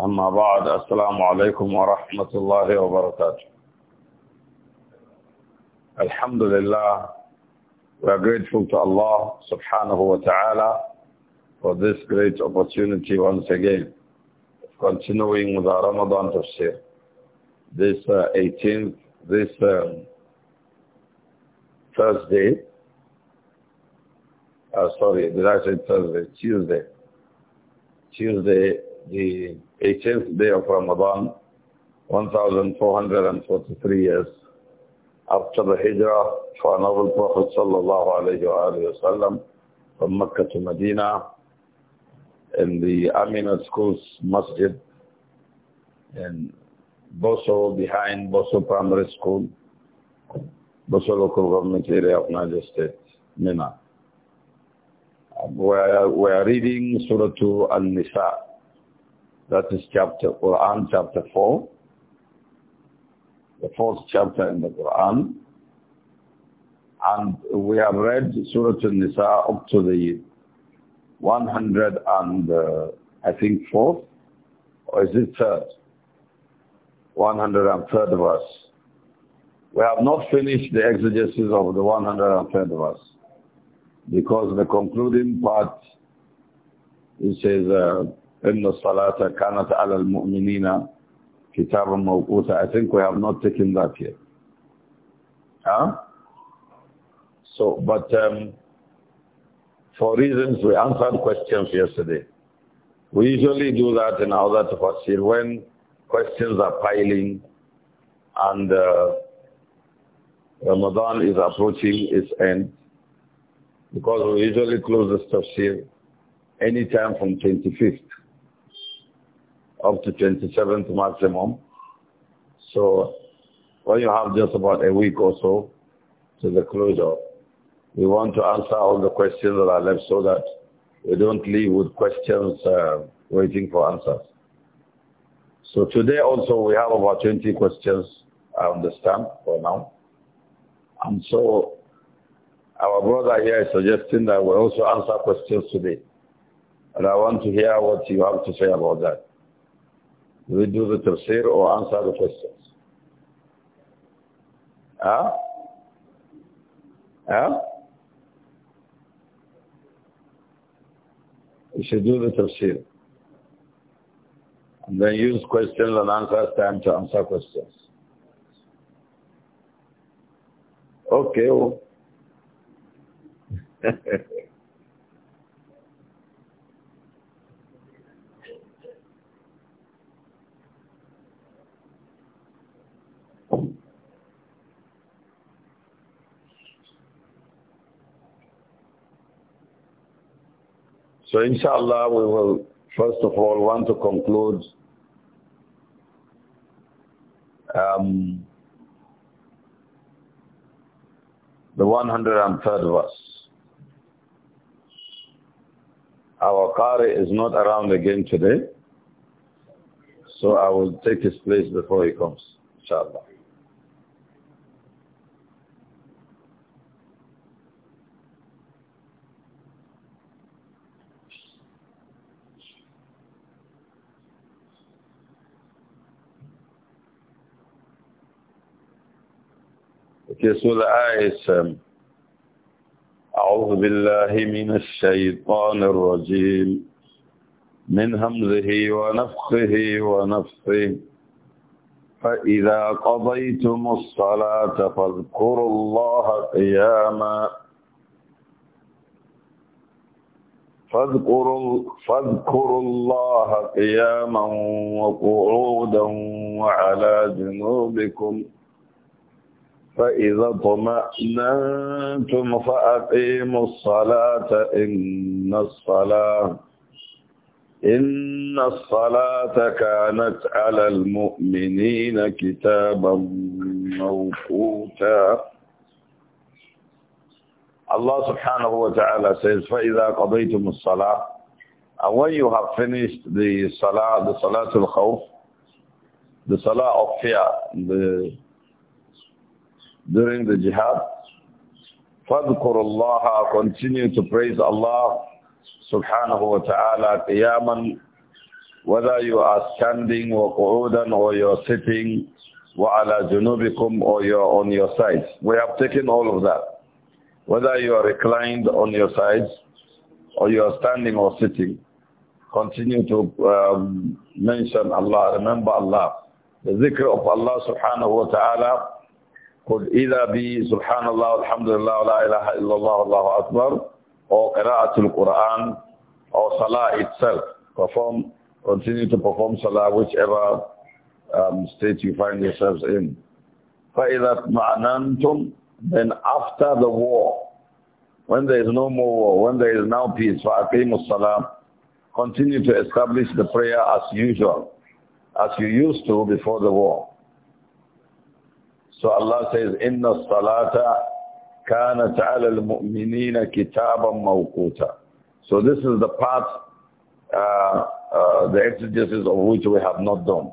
أما بعد السلام عليكم ورحمة الله وبركاته الحمد لله we are grateful to Allah subhanahu wa ta'ala for this great opportunity once again continuing with our Ramadan tafsir. This uh, 18th, this um, Thursday, uh, sorry, did I say Thursday? Tuesday. Tuesday, the 18th day of Ramadan, 1443 years after the hijrah for noble Prophet sallallahu alayhi wasallam from Mecca to Medina in the Aminat Schools Masjid in Boso behind Boso Primary School, Boso local government area of Niger State, Mina. Uh, we are, we are reading Surah Al-Nisa. That is chapter Quran, chapter 4, the fourth chapter in the Quran. And we have read Surah Al-Nisa up to the 100 and uh, I think fourth, or is it third? 103rd verse. We have not finished the exegesis of the 103rd verse because the concluding part, it says, uh, إن الصلاة كانت على المؤمنين كتابا موقوتا I think we have not taken that yet. Huh? So, but um, for reasons we answered questions yesterday. We usually do that in order to proceed when questions are piling and uh, Ramadan is approaching its end because we usually close the tafsir anytime from 25th up to 27th maximum. So well, you have just about a week or so to the closure, we want to answer all the questions that are left so that we don't leave with questions uh, waiting for answers. So today also we have about 20 questions on the for now. And so our brother here is suggesting that we also answer questions today. And I want to hear what you have to say about that we do the tafsir or answer the questions? Huh? Huh? We should do the tafsir. And then use questions and answers time to answer questions. Okay. Well. So inshallah, we will first of all want to conclude um, the 103rd verse. Our Qari is not around again today, so I will take his place before he comes, inshallah. تسول آيسا أعوذ بالله من الشيطان الرجيم من همزه ونفخه ونفخه فإذا قضيتم الصلاة فاذكروا الله قياما فاذكروا, فاذكروا الله قياما وقعودا وعلى جنوبكم ۖ فإذا طمأننتم فأقيموا الصلاة إن الصلاة إن الصلاة كانت على المؤمنين كتابا موقوتا الله سبحانه وتعالى says فإذا قضيتم الصلاة and when you have finished the salah, the salah الخوف, the salah of fear, the during the jihad. فَذْكُرُ Continue to praise Allah subhanahu wa ta'ala qiyaman, whether you are standing or qu'udan or you're sitting, وَعَلَى junubikum, or you're on your sides. We have taken all of that. Whether you are reclined on your sides or you are standing or sitting, continue to um, mention Allah, remember Allah. The zikr of Allah subhanahu wa ta'ala could either be Subhanallah, Alhamdulillah, La ilaha illallah, Allahu Akbar, or Qira'atul Quran, or Salah itself. Perform, continue to perform Salah, whichever um, state you find yourselves in. فَإِذَا مَعْنَنْتُمْ Then after the war, when there is no more war, when there is now peace, فَأَقِيمُ الصَّلَاةِ Continue to establish the prayer as usual, as you used to before the war. So Allah says, Inna salata kanat ala al-mu'minina kitaban So this is the part, uh, uh, the exegesis of which we have not done.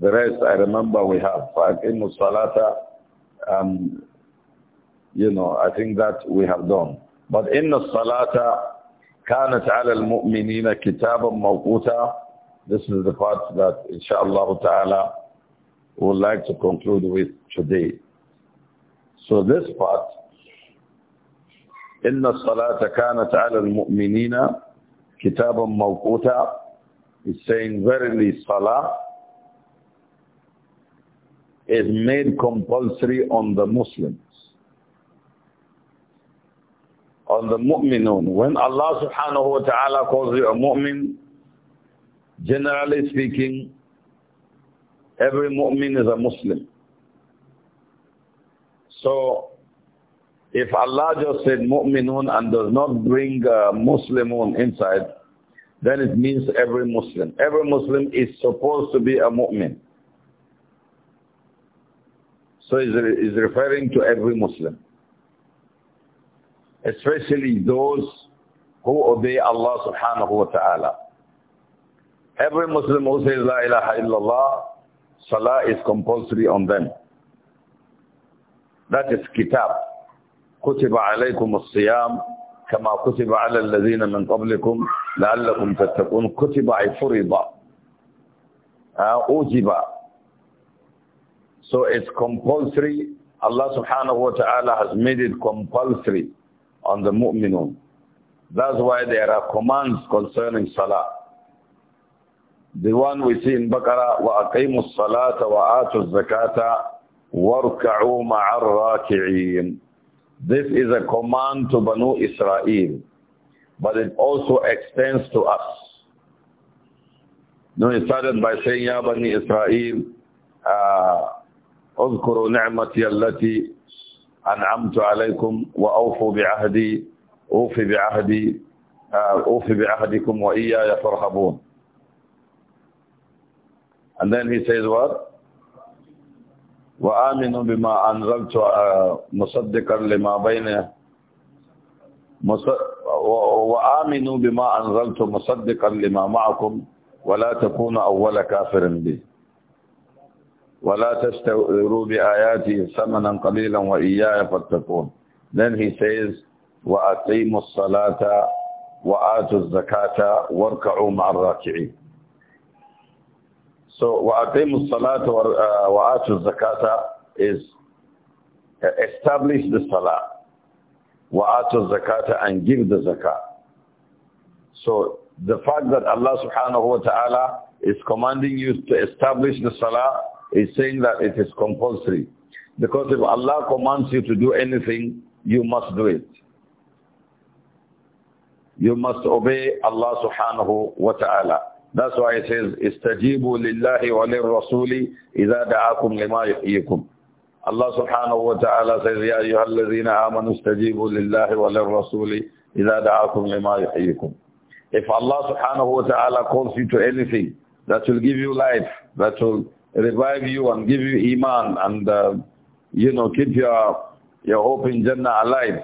The rest I remember we have. Faqimu salata, um, you know, I think that we have done. But Inna salata كانت على المؤمنين كتابا موقوتا This is the part that inshallah ta'ala would like to conclude with today. So this part, إن الصلاة كانت على المؤمنين كتابا موقوتا is saying verily Salah is made compulsory on the Muslims. On the mu'minun. When Allah subhanahu wa ta'ala calls you a mu'min, generally speaking, Every mu'min is a Muslim. So, if Allah just said mu'minun and does not bring uh, Muslimun inside, then it means every Muslim. Every Muslim is supposed to be a mu'min. So is is referring to every Muslim. Especially those who obey Allah subhanahu wa ta'ala. Every Muslim who says La ilaha illallah Salah is compulsory on them. That is kitab. كتب عليكم الصيام كما كتب على الذين من قبلكم لعلكم تتقون كتب أي أوجب So it's compulsory. Allah subhanahu wa ta'ala has made it compulsory on the mu'minun. That's why there are commands concerning salah. The one we see in Baqarah, وَأَقِيمُوا الصَّلَاةَ وَآتُوا الزَّكَاةَ وَارْكَعُوا مَعَ الرَّاكِعِينَ This is a command to Banu Israel, but it also extends to us. No, he started by saying, يَا Israel, uh, اذكروا نعمتي التي أنعمت عليكم وأوفوا بعهدي أوفي بعهدي uh, أوفي بعهدكم وإياي فارهبون And then he says what? وَآمِنُ بِمَا أَنْزَلْتُ آه، مُصَدِّقًا لِمَا بَيْنَ وَآمِنُوا بِمَا أَنْزَلْتُ مُصَدِّقًا لِمَا مَعَكُمْ وَلَا تَكُونَ أَوَّلَ كَافِرٍ بِهِ وَلَا تَسْتَوْرُوا بِآيَاتِي ثَمَنًا قَلِيلًا وَإِيَّايَ فَاتَّقُونِ Then he says, وَأَقِيمُوا الصَّلَاةَ وَآتُوا الزَّكَاةَ وَارْكَعُوا مَعَ الرَّاكِعِينَ So وَأَقِيمُ الصَّلَاةَ وَآتُ الزَّكَاةَ is uh, establish the salah. waatul الزَّكَاةَ and give the zakah. So the fact that Allah subhanahu wa ta'ala is commanding you to establish the salah is saying that it is compulsory. Because if Allah commands you to do anything, you must do it. You must obey Allah subhanahu wa ta'ala. That's why it says, استجيبوا لله وللرسول إذا دعاكم لما يحييكم. Allah subhanahu wa ta'ala says, يا أيها الذين آمنوا استجيبوا لله وللرسول إذا دعاكم لما يحييكم. If Allah subhanahu wa ta'ala calls you to anything that will give you life, that will revive you and give you iman and, uh, you know, keep your, your hope in Jannah alive.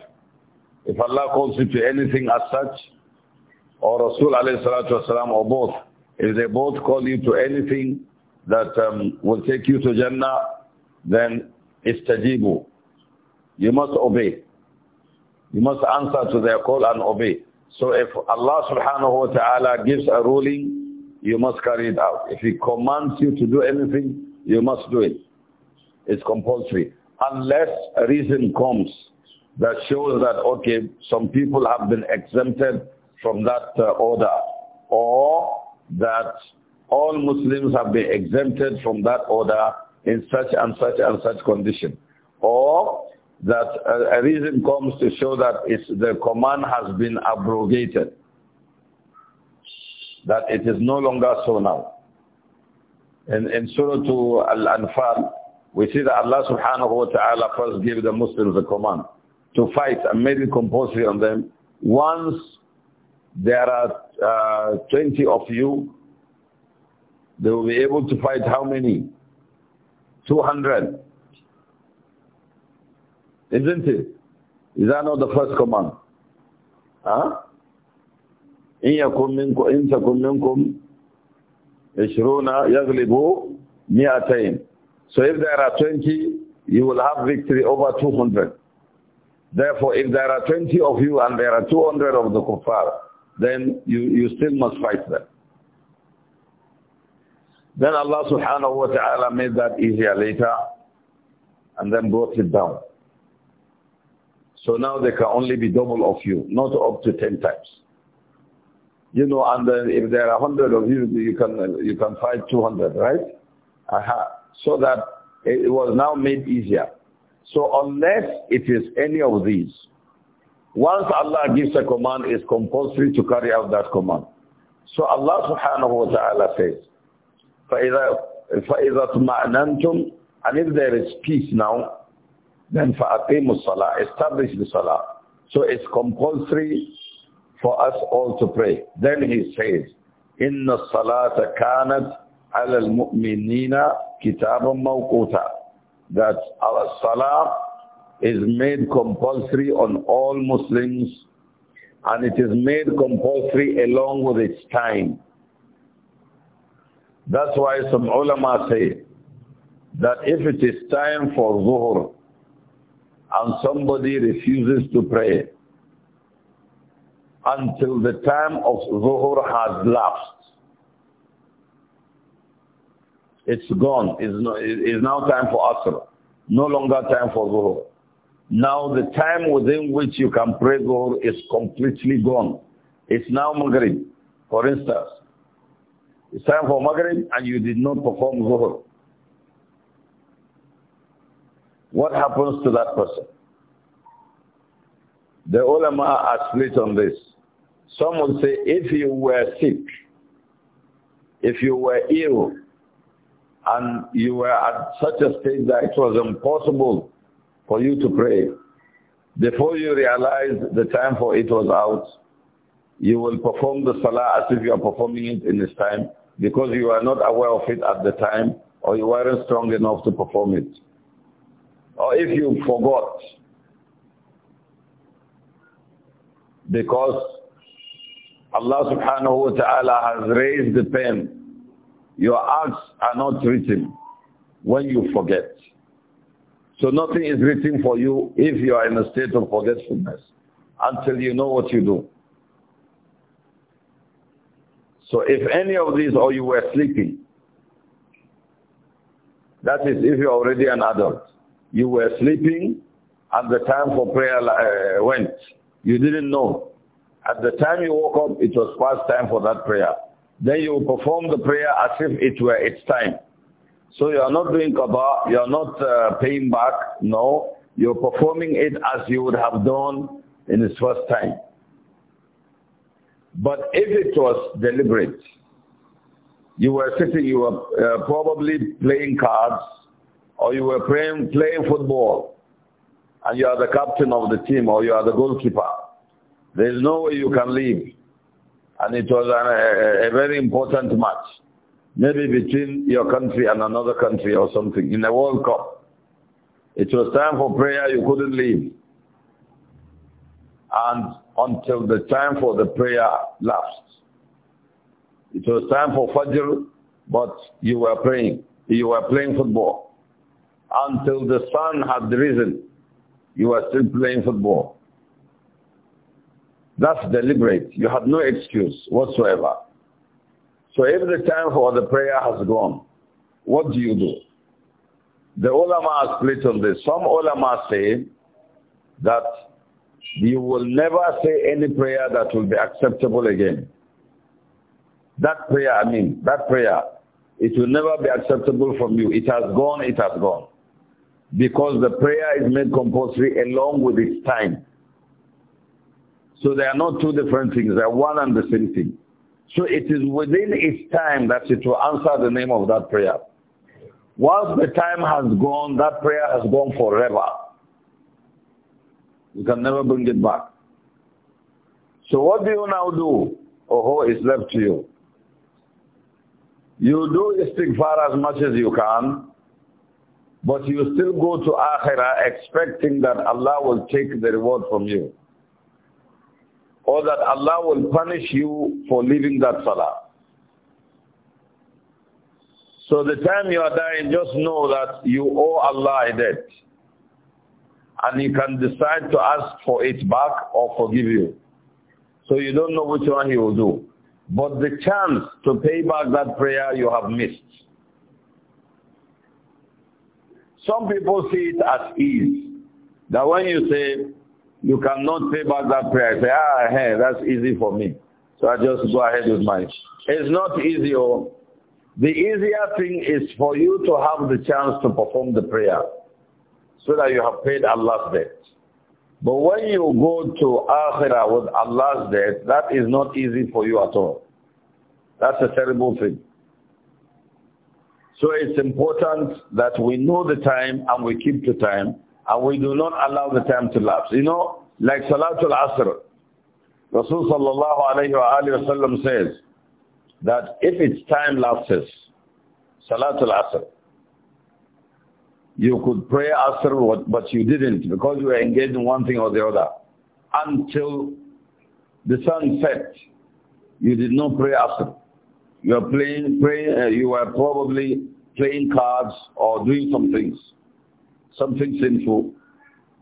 If Allah calls you to anything as such, or Rasul alayhi salatu wasalam, or both, If they both call you to anything that um, will take you to Jannah, then istajibu. You must obey. You must answer to their call and obey. So if Allah subhanahu wa ta'ala gives a ruling, you must carry it out. If He commands you to do anything, you must do it. It's compulsory. Unless a reason comes that shows that, okay, some people have been exempted from that uh, order. Or that all Muslims have been exempted from that order in such and such and such condition. Or that a, reason comes to show that the command has been abrogated. That it is no longer so now. In, in Surah Al-Anfal, we see that Allah subhanahu wa ta'ala first gave the Muslims the command to fight and made it compulsory on them once there are uh, 20 of you, they will be able to fight how many? 200. Isn't it? Is that not the first command? Huh? إن يكن منكم إن تكن منكم عشرون يغلبوا مئتين. So if there are 20, you will have victory over 200. Therefore, if there are 20 of you and there are 200 of the kuffar, then you, you still must fight them. Then Allah subhanahu wa ta'ala made that easier later and then brought it down. So now they can only be double of you, not up to 10 times. You know, and then if there are 100 of you, you can, you can fight 200, right? Aha. So that it was now made easier. So unless it is any of these, once Allah gives a command, it's compulsory to carry out that command. So Allah subhanahu wa ta'ala says, فَإِذَا, فَإِذَا تُمَعْنَنْتُمْ And if there is peace now, then فَأَقِيمُ الصَّلَاةِ Establish the salah. So it's compulsory for us all to pray. Then he says, إِنَّ الصَّلَاةَ كَانَتْ عَلَى الْمُؤْمِنِينَ كِتَابًا مَوْقُوتًا That our salah is made compulsory on all Muslims and it is made compulsory along with its time. That's why some ulama say that if it is time for zuhr and somebody refuses to pray until the time of zuhr has lapsed, it's gone. It's, no, it's now time for asr. No longer time for zuhr. Now the time within which you can pray Dhuhr is completely gone. It's now Maghrib, for instance. It's time for Maghrib and you did not perform Dhuhr. What happens to that person? The ulama are split on this. Some will say if you were sick, if you were ill, and you were at such a stage that it was impossible for you to pray. Before you realize the time for it was out, you will perform the salah as if you are performing it in this time because you are not aware of it at the time or you weren't strong enough to perform it. Or if you forgot, because Allah subhanahu wa ta'ala has raised the pen, your acts are not written when you forget. So nothing is written for you if you are in a state of forgetfulness until you know what you do. So if any of these or you were sleeping, that is if you're already an adult, you were sleeping and the time for prayer uh, went. You didn't know. At the time you woke up, it was past time for that prayer. Then you perform the prayer as if it were its time. So you are not doing qada, you are not uh, paying back. No, you're performing it as you would have done in its first time. But if it was deliberate, you were sitting, you were uh, probably playing cards or you were playing, playing football and you are the captain of the team or you are the goalkeeper. There is no way you can leave. And it was an, a, a very important match. Maybe between your country and another country or something, in a World Cup. It was time for prayer, you couldn't leave. And until the time for the prayer lapsed. It was time for Fajr, but you were praying. You were playing football. Until the sun had risen, you were still playing football. That's deliberate. You had no excuse whatsoever. So if the time for the prayer has gone, what do you do? The ulama split on this. Some ulama say that you will never say any prayer that will be acceptable again. That prayer, I mean, that prayer, it will never be acceptable from you. It has gone, it has gone. Because the prayer is made compulsory along with its time. So they are not two different things. They are one and the same thing. So it is within its time that it will answer the name of that prayer. Once the time has gone, that prayer has gone forever. You can never bring it back. So what do you now do? Oho, it's left to you. You do istighfar as much as you can, but you still go to Akhirah expecting that Allah will take the reward from you or that Allah will punish you for leaving that salah. So the time you are dying, just know that you owe Allah a debt. And He can decide to ask for it back or forgive you. So you don't know which one He will do. But the chance to pay back that prayer you have missed. Some people see it as ease. That when you say, you cannot pay back that prayer. I say, ah, hey, eh, that's easy for me. So I just go ahead with mine. It's not easy. Oh. The easier thing is for you to have the chance to perform the prayer so that you have paid Allah's debt. But when you go to Akhirah with Allah's debt, that is not easy for you at all. That's a terrible thing. So it's important that we know the time and we keep the time and we do not allow the time to lapse. You know, like Salatul Asr, Rasul sallallahu alayhi wa alayhi says that if its time lapses, Salatul Asr, you could pray Asr but you didn't because you were engaged in one thing or the other until the sun set. You did not pray Asr. You were playing, praying, uh, you were probably playing cards or doing some things something sinful,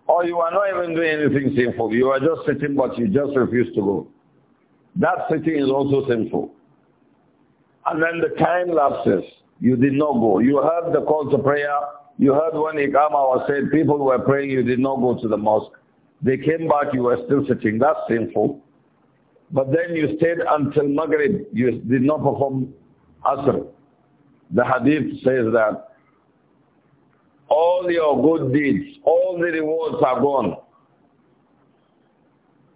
or you are not even doing anything sinful. You are just sitting, but you just refuse to go. That sitting is also sinful. And then the time lapses. You did not go. You heard the call to prayer. You heard when Iqama was said, people were praying, you did not go to the mosque. They came back, you were still sitting. That's sinful. But then you stayed until Maghrib. You did not perform Asr. The hadith says that all your good deeds, all the rewards are gone.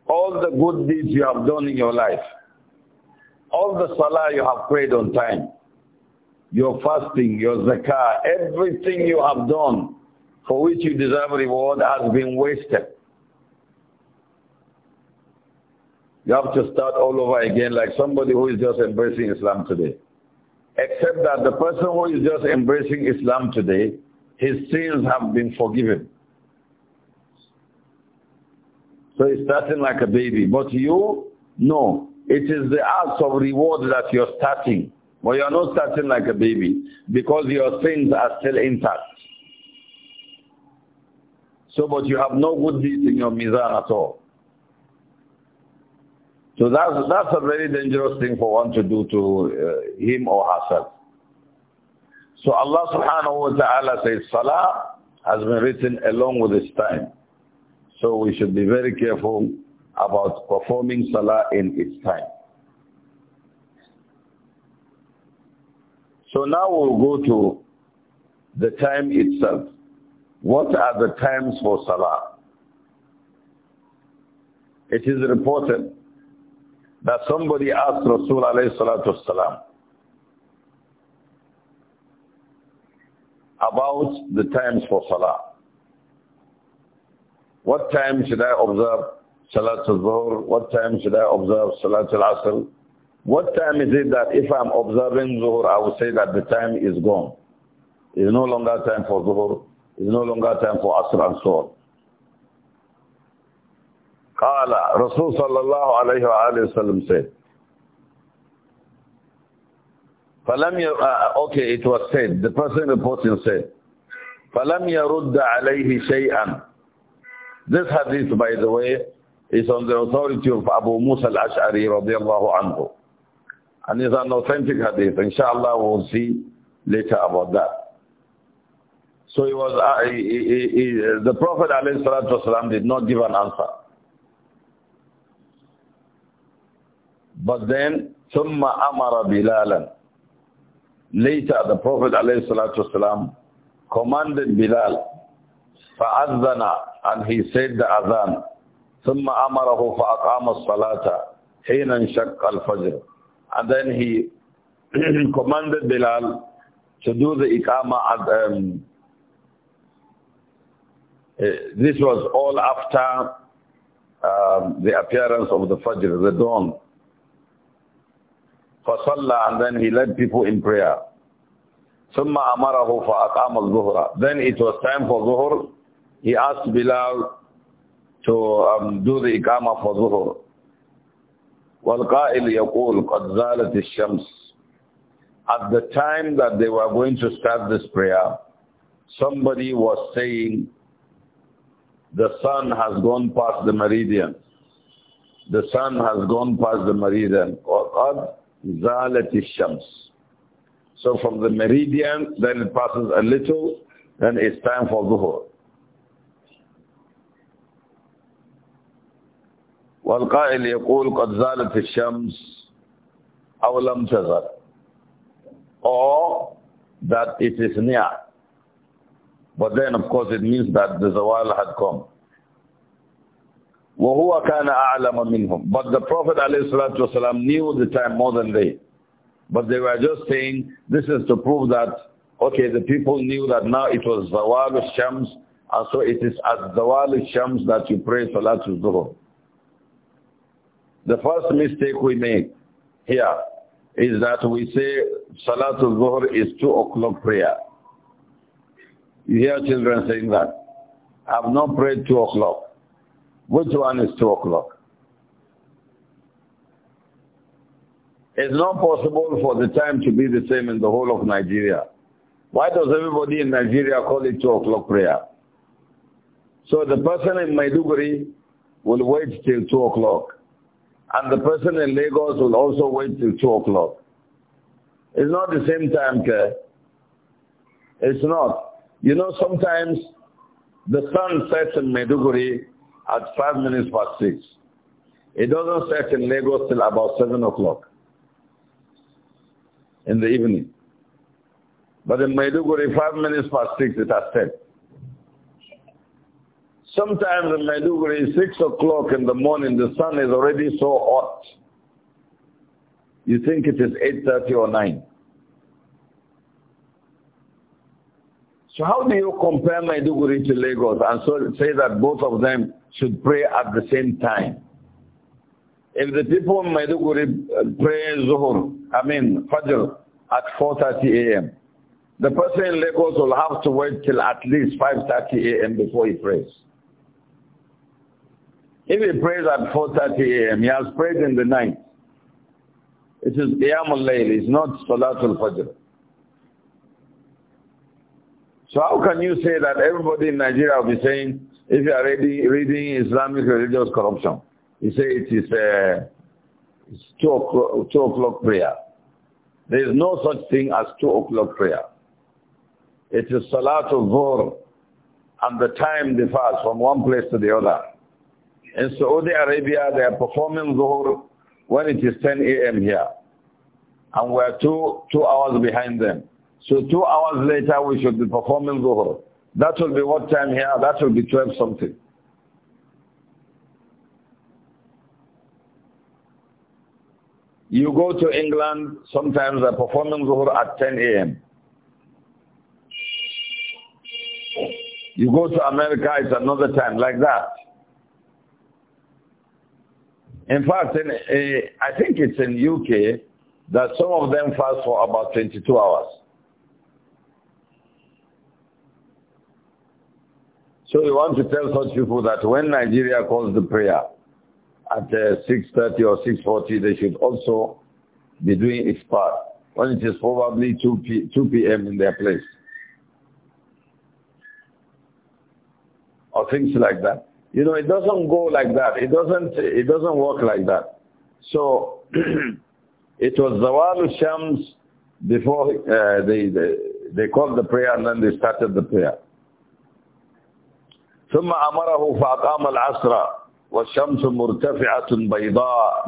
All the good deeds you have done in your life, all the salah you have prayed on time, your fasting, your zakah, everything you have done for which you deserve reward has been wasted. You have to start all over again like somebody who is just embracing Islam today. Except that the person who is just embracing Islam today his sins have been forgiven. So he's starting like a baby. But you, no. It is the act of reward that you're starting. But you're not starting like a baby because your sins are still intact. So, but you have no good deeds in your mizan at all. So that's, that's a very dangerous thing for one to do to uh, him or herself. So Allah subhanahu wa ta'ala says, Salah has been written along with its time. So we should be very careful about performing Salah in its time. So now we'll go to the time itself. What are the times for Salah? It is reported that somebody asked Rasul alayhi salatu salam, about the times for Salah. What time should I observe Salat al-Dhuhr? What time should I observe Salat al-Asr? What time is it that if I'm observing Zuhr, I will say that the time is gone? It's no longer time for Zuhr. It's no longer time for Asr and so on. قال رسول صلى الله عليه وآله وسلم said فلم ي... uh, okay, it was said, the person reporting said, فَلَمْ يَرُدَّ عَلَيْهِ شَيْئًا This hadith, by the way, is on the authority of Abu Musa al-Ash'ari radiallahu anhu. And it's an authentic hadith. Inshallah, we'll see later about that. So it was, uh, he, he, he, the Prophet ﷺ did not give an answer. But then, ثُمَّ أَمَرَ بِلَالًا Later, the Prophet ﷺ commanded Bilal, فَأَذَّنَ And he said the adhan. ثُمَّ أَمَرَهُ فَأَقَامَ الصَّلَاةَ حِينَ الْفَجْرِ And then he commanded Bilal to do the iqama at, um, eh, this was all after um, the appearance of the Fajr, the dawn. فَصَلَّى And then he led people in prayer. ثُمَّ أَمَرَهُ فَأَقَامَ الظُّهْرَ Then it was time for Zuhur. He asked Bilal to um, do the Iqama for Zuhur. وَالْقَائِلْ يَقُولُ قَدْ زَالَتِ الشَّمْسِ At the time that they were going to start this prayer, somebody was saying, the sun has gone past the meridian. The sun has gone past the meridian. وَقَدْ Zalat shams. So from the meridian, then it passes a little, then it's time for Zuhur. والقائل يقول قد زالت الشمس أو لم تزل or that it is near but then of course it means that the zawal had come وَهُوَ كَانَ أَعْلَمَ مِنْهُمْ But the Prophet ﷺ knew the time more than they. But they were just saying, this is to prove that, okay, the people knew that now it was Zawal al-Shams, and so it is at Zawal al-Shams that you pray Salatul Zuhur. The first mistake we make here is that we say Salatul Zuhur is 2 o'clock prayer. You hear children saying that. I've not prayed 2 o'clock. Which one is 2 o'clock? It's not possible for the time to be the same in the whole of Nigeria. Why does everybody in Nigeria call it 2 o'clock prayer? So the person in Maiduguri will wait till 2 o'clock. And the person in Lagos will also wait till 2 o'clock. It's not the same time, Ke. It's not. You know, sometimes the sun sets in Maiduguri at 5 minutes past 6. It doesn't set in Lagos till about 7 o'clock in the evening. But in Maiduguri, 5 minutes past 6, it has set. Sometimes in Maiduguri, 6 o'clock in the morning, the sun is already so hot. You think it is 8.30 or 9. So how do you compare Maiduguri to Lagos and so say that both of them should pray at the same time. If the people in Maiduguri uh, pray Zuhur, I mean Fajr, at 4.30 a.m., the person in Lagos will have to wait till at least 5.30 a.m. before he prays. If he prays at 4.30 a.m., he has prayed in the night. It is Qiyamul Layl, it's not Salatul Fajr. So how can you say that everybody in Nigeria will be saying, if you are reading, reading Islamic religious corruption, you say it is a uh, it's two o'clock, two o'clock prayer. There is no such thing as two o'clock prayer. It is Salatul Dhuhr and the time differs from one place to the other. In Saudi Arabia, they are performing Dhuhr when it is 10 a.m. here. And we are two, two hours behind them. So two hours later, we should be performing Dhuhr. That will be what time here? That will be 12 something. You go to England, sometimes they're performing Zuhur at 10 a.m. You go to America, it's another time, like that. In fact, in, uh, I think it's in UK that some of them fast for about 22 hours. So you want to tell such people that when Nigeria calls the prayer at uh, 6.30 or 6.40, they should also be doing its part when it is probably 2, p 2 p.m. in their place. Or things like that. You know, it doesn't go like that. It doesn't, it doesn't work like that. So it was Zawal Shams before uh, they, they, they called the prayer and then they started the prayer. ثم أمره فأقام العصر والشمس بيضاء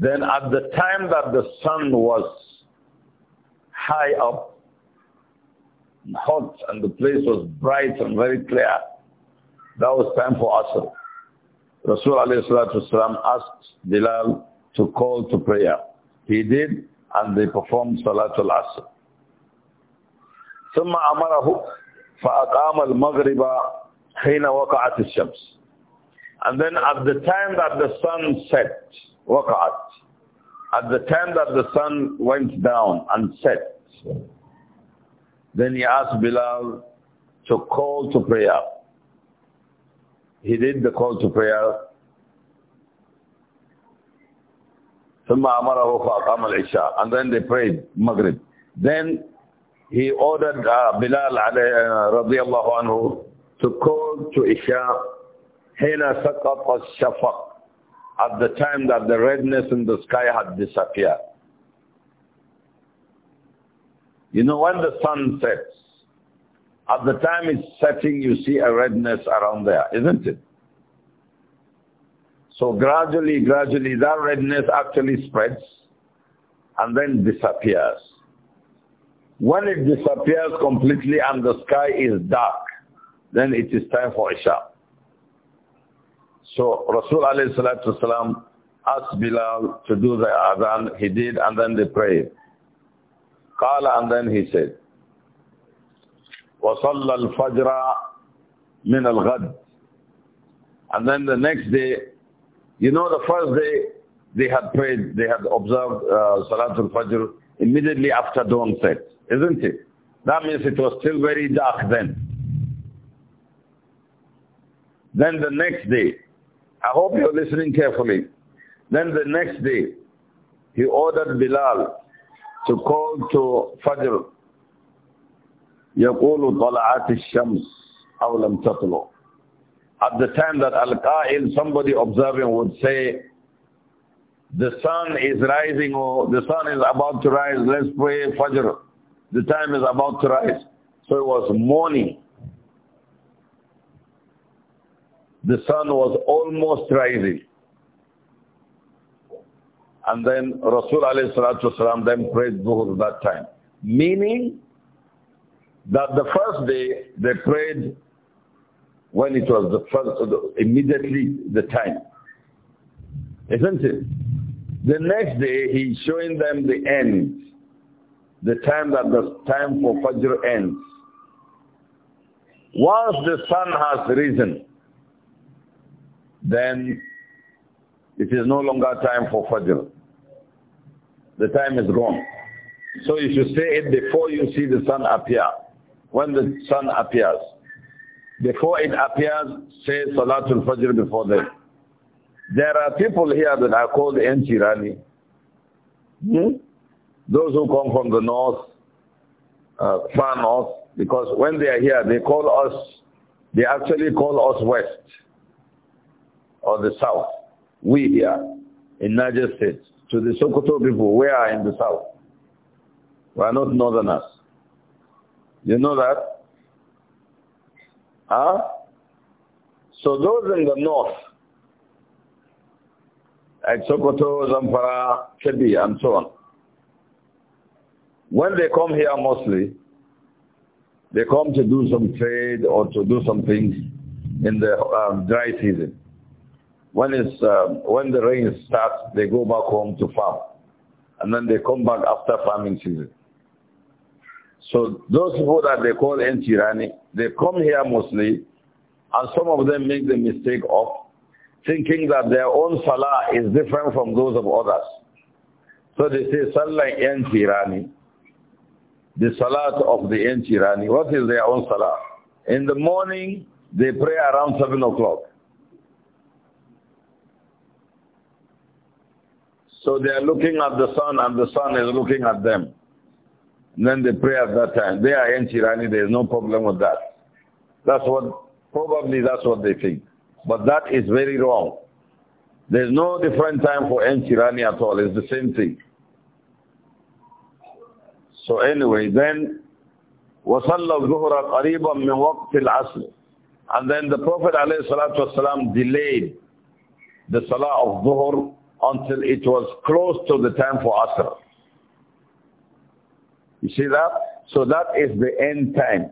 Then at the time that the sun was high up, and hot, and the place was bright and very clear, that was time for Asr. Rasul والسلام, asked Bilal to call to prayer. He did, and they performed Salatul Asr. ثم أمره فأقام المغرب حين وقعت الشمس and then at the time that the sun set وقعت at the time that the sun went down and set then he asked Bilal to call to prayer he did the call to prayer ثم أمره فأقام العشاء and then they prayed Maghrib then he ordered uh, Bilal uh, الله عنه to call to Isha Hina Sakat al-Shafaq at the time that the redness in the sky had disappeared. You know, when the sun sets, at the time it's setting, you see a redness around there, isn't it? So gradually, gradually, that redness actually spreads and then disappears. When it disappears completely and the sky is dark, then it is time for Isha. So Rasul alayhi salatu wasalam asked Bilal to do the adhan. He did and then they prayed. Kala, and then he said, al-Fajr الْفَجْرَ مِنَ الْغَدْ And then the next day, you know the first day they had prayed, they had observed uh, Salatul Fajr immediately after dawn set, isn't it? That means it was still very dark then. Then the next day, I hope you're listening carefully. Then the next day, he ordered Bilal to call to Fajr. يقول طلعت الشمس أو لم تطلع. At the time that Al-Qa'il, somebody observing would say, the sun is rising or the sun is about to rise. Let's pray Fajr. The time is about to rise. So it was morning. The sun was almost rising. And then Rasul alayhi salatu wasalam then prayed Zuhur that time. Meaning that the first day they prayed when it was the first, immediately the time. Isn't it? The next day, he's showing them the end, the time that the time for Fajr ends. Once the sun has risen, then it is no longer time for Fajr. The time is gone. So you should say it before you see the sun appear. When the sun appears. Before it appears, say Salatul Fajr before that. There are people here that are called Enchirani. Hmm? Those who come from the north, uh, far north, because when they are here, they call us, they actually call us west or the south. We here in Niger State, to the Sokoto people, we are in the south. We are not northerners. You know that? Huh? So those in the north, like Sokoto, Zamfara, Kebi and so on. When they come here mostly, they come to do some trade or to do some things in the um, dry season. When, it's, um, when the rain starts, they go back home to farm. And then they come back after farming season. So those people that they call Enchirani, they come here mostly, and some of them make the mistake of thinking that their own salah is different from those of others. So they say, Salah anti Tirani, the salah of the anti-iranee. Tirani. What is their own salah? In the morning, they pray around 7 o'clock. So they are looking at the sun and the sun is looking at them. And then they pray at that time. They are anti-iranee. Tirani, there is no problem with that. That's what, probably that's what they think. But that is very wrong. There's no different time for Enchirani at all. It's the same thing. So anyway, then وصلى الظهر قريبا من And then the Prophet والسلام, delayed the Salah of Dhuhr until it was close to the time for Asr. You see that? So that is the end time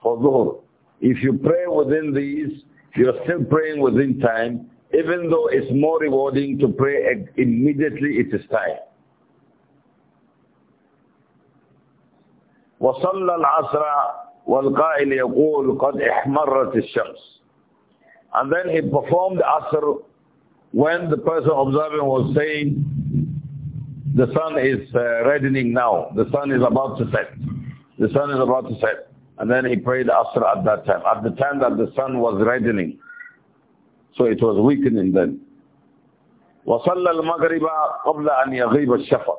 for Dhuhr. If you pray within these, you're still praying within time, even though it's more rewarding to pray immediately it is time. وصلى العصر والقائل يقول قد احمرت الشمس and then he performed Asr when the person observing was saying, the sun is uh, reddening now, the sun is about to set, the sun is about to set. And then he prayed Asr at that time, at the time that the sun was reddening. So it was weakening then. وصلى المغرب قبل أن يغيب الشفق.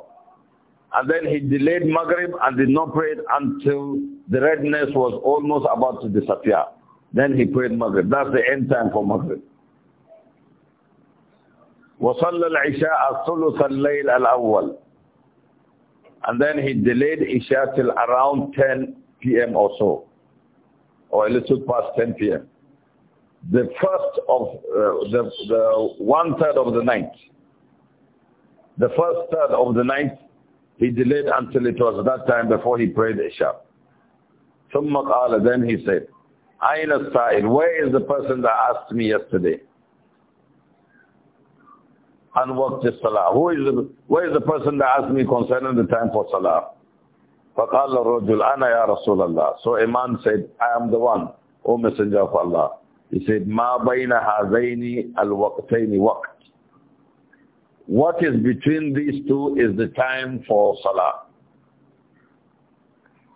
And then he delayed Maghrib and did not pray until the redness was almost about to disappear. Then he prayed Maghrib. That's the end time for Maghrib. وصلى العشاء ثلث الليل الأول. And then he delayed Isha till around 10 p.m. or so, or a little past 10 p.m. The first of uh, the, the one third of the night, the first third of the night, he delayed until it was that time before he prayed Isha. ثم قال, then he said, أين السائل? Where is the person that asked me yesterday? And what is Salah? Who is the, where is the person that asked me concerning the time for Salah? فَقَالَ الرَّجُلُ أَنَا يَا رَسُولَ اللَّهِ So Iman said, I am the one, O Messenger of Allah. He said, مَا بَيْنَ هَذَيْنِ الْوَقْتَيْنِ وَقْتٍ What is between these two is the time for salah.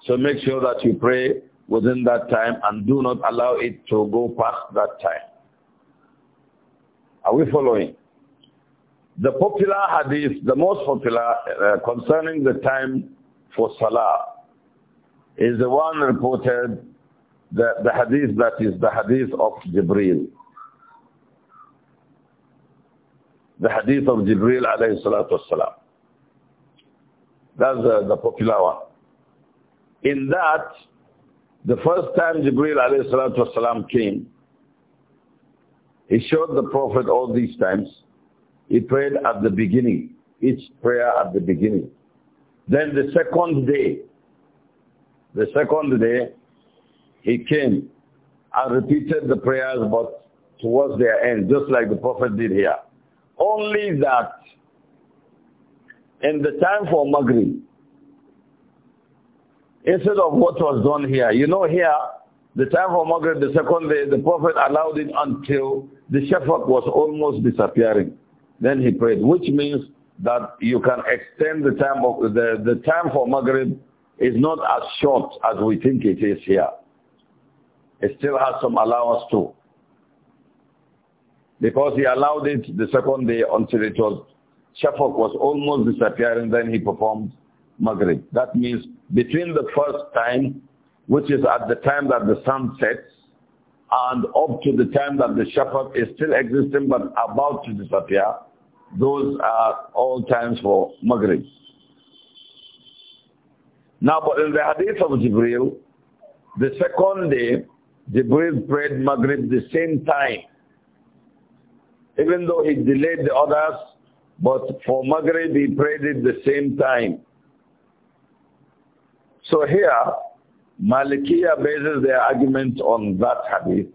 So make sure that you pray within that time and do not allow it to go past that time. Are we following? The popular hadith, the most popular uh, concerning the time for salah is the one reported that the hadith that is the hadith of Jibril. The hadith of Jibril alayhi salatu wasalam. That's the, the popular one. In that, the first time Jibril alayhi salatu wasalam came, he showed the Prophet all these times. He prayed at the beginning, each prayer at the beginning. Then the second day, the second day, he came and repeated the prayers, but towards their end, just like the prophet did here. Only that in the time for Maghrib, instead of what was done here, you know here, the time for Maghrib, the second day, the prophet allowed it until the shepherd was almost disappearing. Then he prayed, which means that you can extend the time of the, the time for Maghrib is not as short as we think it is here. It still has some allowance too. Because he allowed it the second day until it was Shafak was almost disappearing, then he performed Maghrib. That means between the first time, which is at the time that the sun sets, and up to the time that the Shafak is still existing but about to disappear, those are all times for Maghrib. Now, but in the hadith of Jibril, the second day, Jibril prayed Maghrib the same time. Even though he delayed the others, but for Maghrib he prayed it the same time. So here, Malikiya bases their argument on that hadith,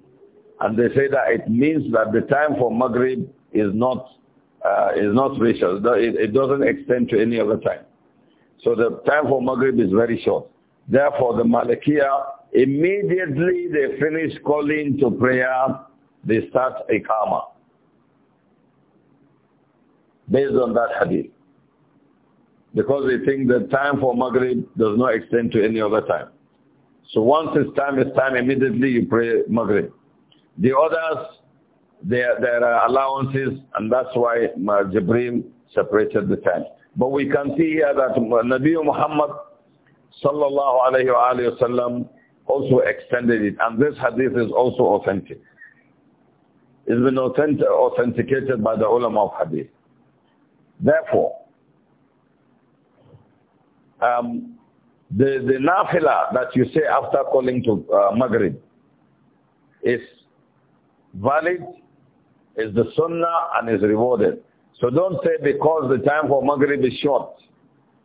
and they say that it means that the time for Maghrib is not uh, is not special. It, it doesn't extend to any other time. So the time for Maghrib is very short. Therefore, the Malikiya, immediately they finish calling to prayer, they start Iqama. Based on that hadith. Because they think the time for Maghrib does not extend to any other time. So once it's time, it's time, immediately you pray Maghrib. The others, there, there are uh, allowances, and that's why Jibreel separated the time. But we can see here that Nabi Muhammad sallallahu alayhi wa, sallam, also extended it. And this hadith is also authentic. It's been authentic, authenticated by the ulama of hadith. Therefore, um, the, the nafila that you say after calling to uh, Maghrib is valid is the sunnah and is rewarded. So don't say because the time for Maghrib is short,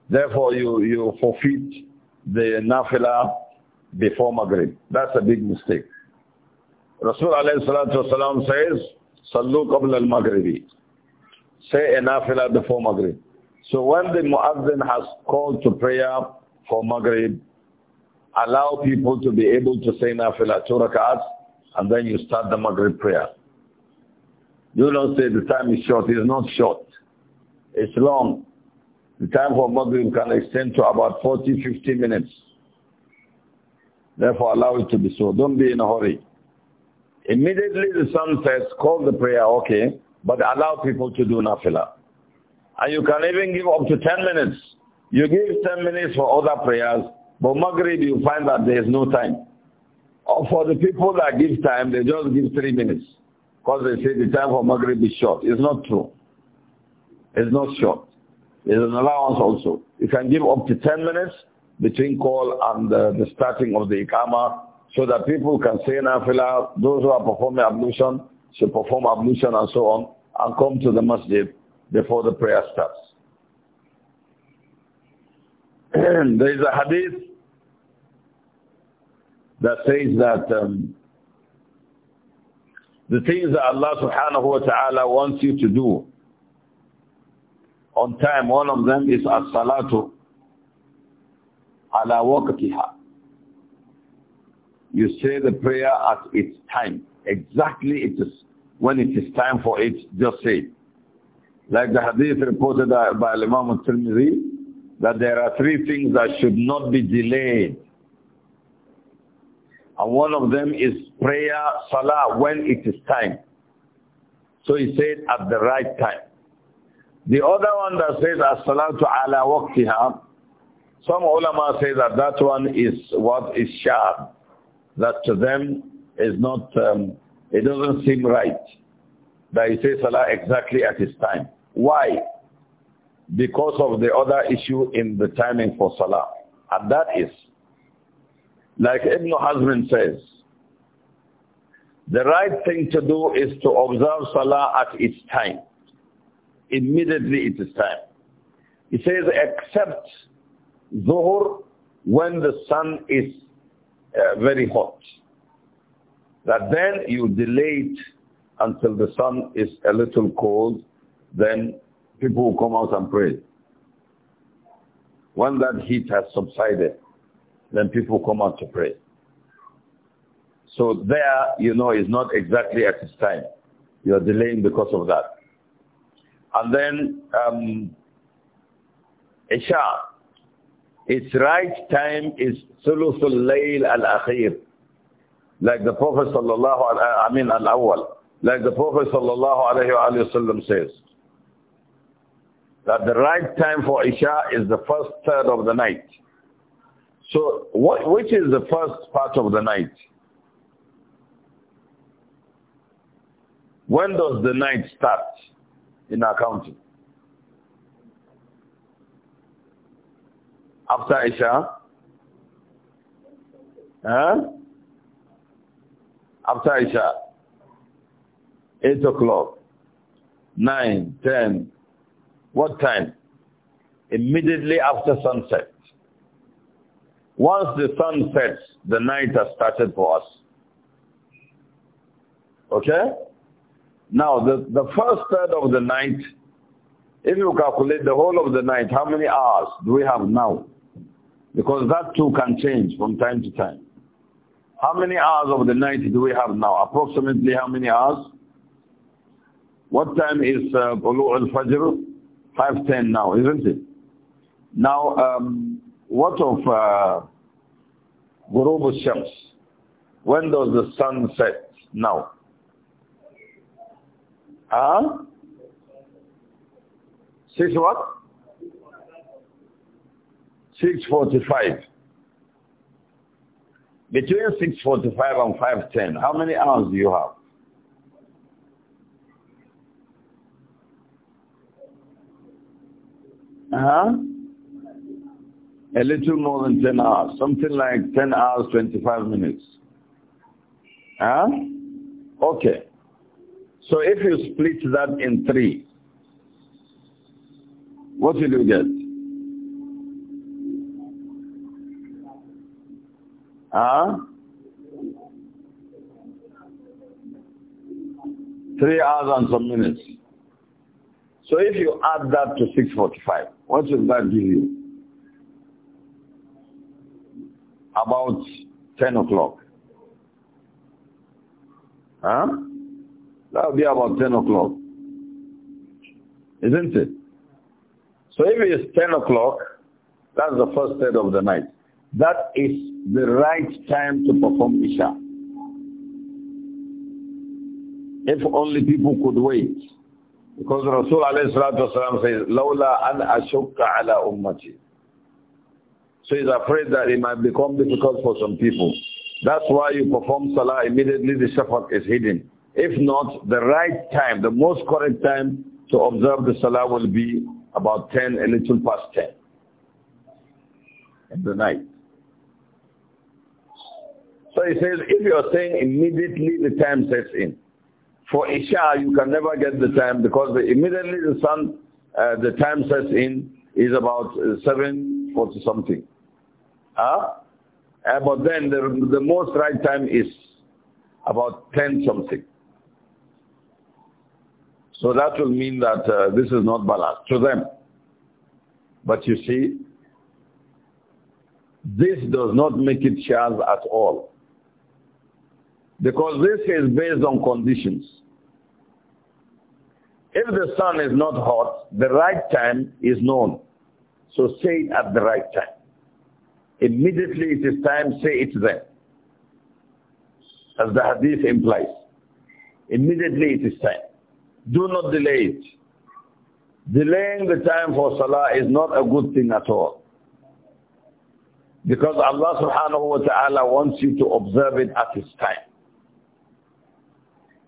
therefore you, you forfeit the nafila before Maghrib. That's a big mistake. Rasul alayhi says, Sallu qabla al-Maghribi. Say a nafila before Maghrib. So when the muazzin has called to prayer for Maghrib, allow people to be able to say nafila two rak'ats and then you start the Maghrib prayer. Do not say the time is short. It is not short. It's long. The time for Maghrib can extend to about 40, 50 minutes. Therefore, allow it to be so. Don't be in a hurry. Immediately the sun sets, call the prayer, okay, but allow people to do nafila. And you can even give up to 10 minutes. You give 10 minutes for other prayers, but Maghrib you find that there is no time. Or for the people that give time, they just give 3 minutes. Because they say the time for Maghrib is short. It's not true. It's not short. There's an allowance also. You can give up to 10 minutes between call and the, the starting of the ikama, so that people can say Nafila, those who are performing ablution should perform ablution and so on and come to the masjid before the prayer starts. there is a hadith that says that um, the things that Allah subhanahu wa ta'ala wants you to do on time. One of them is as-salatu ala waqtiha. You say the prayer at its time. Exactly it is when it is time for it, just say it. Like the hadith reported by Imam al-Tirmidhi, that there are three things that should not be delayed and one of them is prayer, salah, when it is time. So he said at the right time. The other one that says as-salatu ala waqtiha, some ulama say that that one is what is shab. That to them is not, um, it doesn't seem right. That he says salah exactly at his time. Why? Because of the other issue in the timing for salah. And that is like Ibn Hazm says, the right thing to do is to observe Salah at its time. Immediately it is time. He says, except Zuhur when the sun is uh, very hot. That then you delay it until the sun is a little cold, then people will come out and pray. When that heat has subsided then people come out to pray. So there, you know, is not exactly at its time. You are delaying because of that. And then um, Isha, its right time is Thuluthul Layl al-Akhir. Like the Prophet sallallahu uh, I mean al-Awwal. Like the Prophet sallallahu Alaihi says. That the right time for Isha is the first third of the night. So what, which is the first part of the night? When does the night start in accounting? After Isha? Huh? After Isha? 8 o'clock, 9, 10, what time? Immediately after sunset. Once the sun sets, the night has started for us. Okay? Now, the, the first third of the night, if you calculate the whole of the night, how many hours do we have now? Because that too can change from time to time. How many hours of the night do we have now? Approximately how many hours? What time is Ulu uh, al-Fajr? 5.10 now, isn't it? Now, um, what of uh, Shams? When does the sun set now? Huh? Six what? 6.45. Between 6.45 and 5.10, how many hours do you have? Uh-huh a little more than 10 hours, something like 10 hours, 25 minutes. Huh? Okay. So if you split that in three, what will you get? Huh? Three hours and some minutes. So if you add that to 645, what will that give you? about 10 o'clock. Huh? That will be about 10 o'clock. Isn't it? So if it is 10 o'clock, that's the first third of the night. That is the right time to perform Isha. If only people could wait. Because Rasul alayhi salatu wasalam says, لَوْلَا أَنْ أَشُكَّ عَلَى أُمَّتِي so he's afraid that it might become difficult for some people. That's why you perform salah immediately the shafaq is hidden. If not, the right time, the most correct time to observe the salah will be about 10, a little past 10 in the night. So he says, if you are saying immediately the time sets in. For Isha, you can never get the time because the, immediately the sun, uh, the time sets in is about 7 or something. Huh? Uh, but then the, the most right time is about 10 something. So that will mean that uh, this is not balanced to them. But you see, this does not make it shaz at all. Because this is based on conditions. If the sun is not hot, the right time is known. So say it at the right time. Immediately it is time, say it then. As the hadith implies. Immediately it is time. Do not delay it. Delaying the time for salah is not a good thing at all. Because Allah subhanahu wa ta'ala wants you to observe it at its time.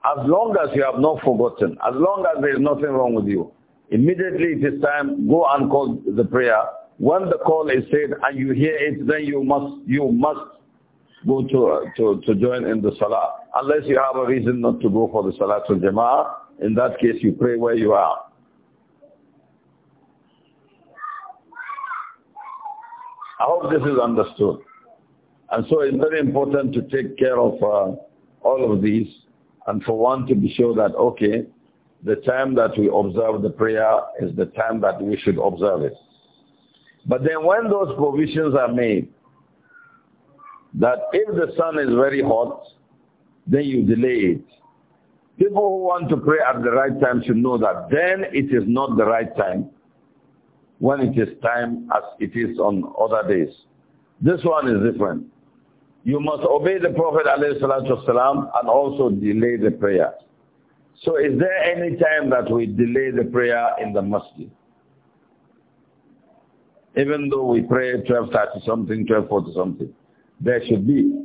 As long as you have not forgotten, as long as there is nothing wrong with you, immediately it is time, go and call the prayer when the call is said and you hear it, then you must, you must go to, to, to join in the salah. Unless you have a reason not to go for the salah jama'ah, in that case you pray where you are. I hope this is understood. And so it's very important to take care of uh, all of these and for one to be sure that, okay, the time that we observe the prayer is the time that we should observe it. But then when those provisions are made, that if the sun is very hot, then you delay it. People who want to pray at the right time should know that then it is not the right time when it is time as it is on other days. This one is different. You must obey the Prophet and also delay the prayer. So is there any time that we delay the prayer in the masjid? Even though we pray 12.30 something, 12.40 something, there should be.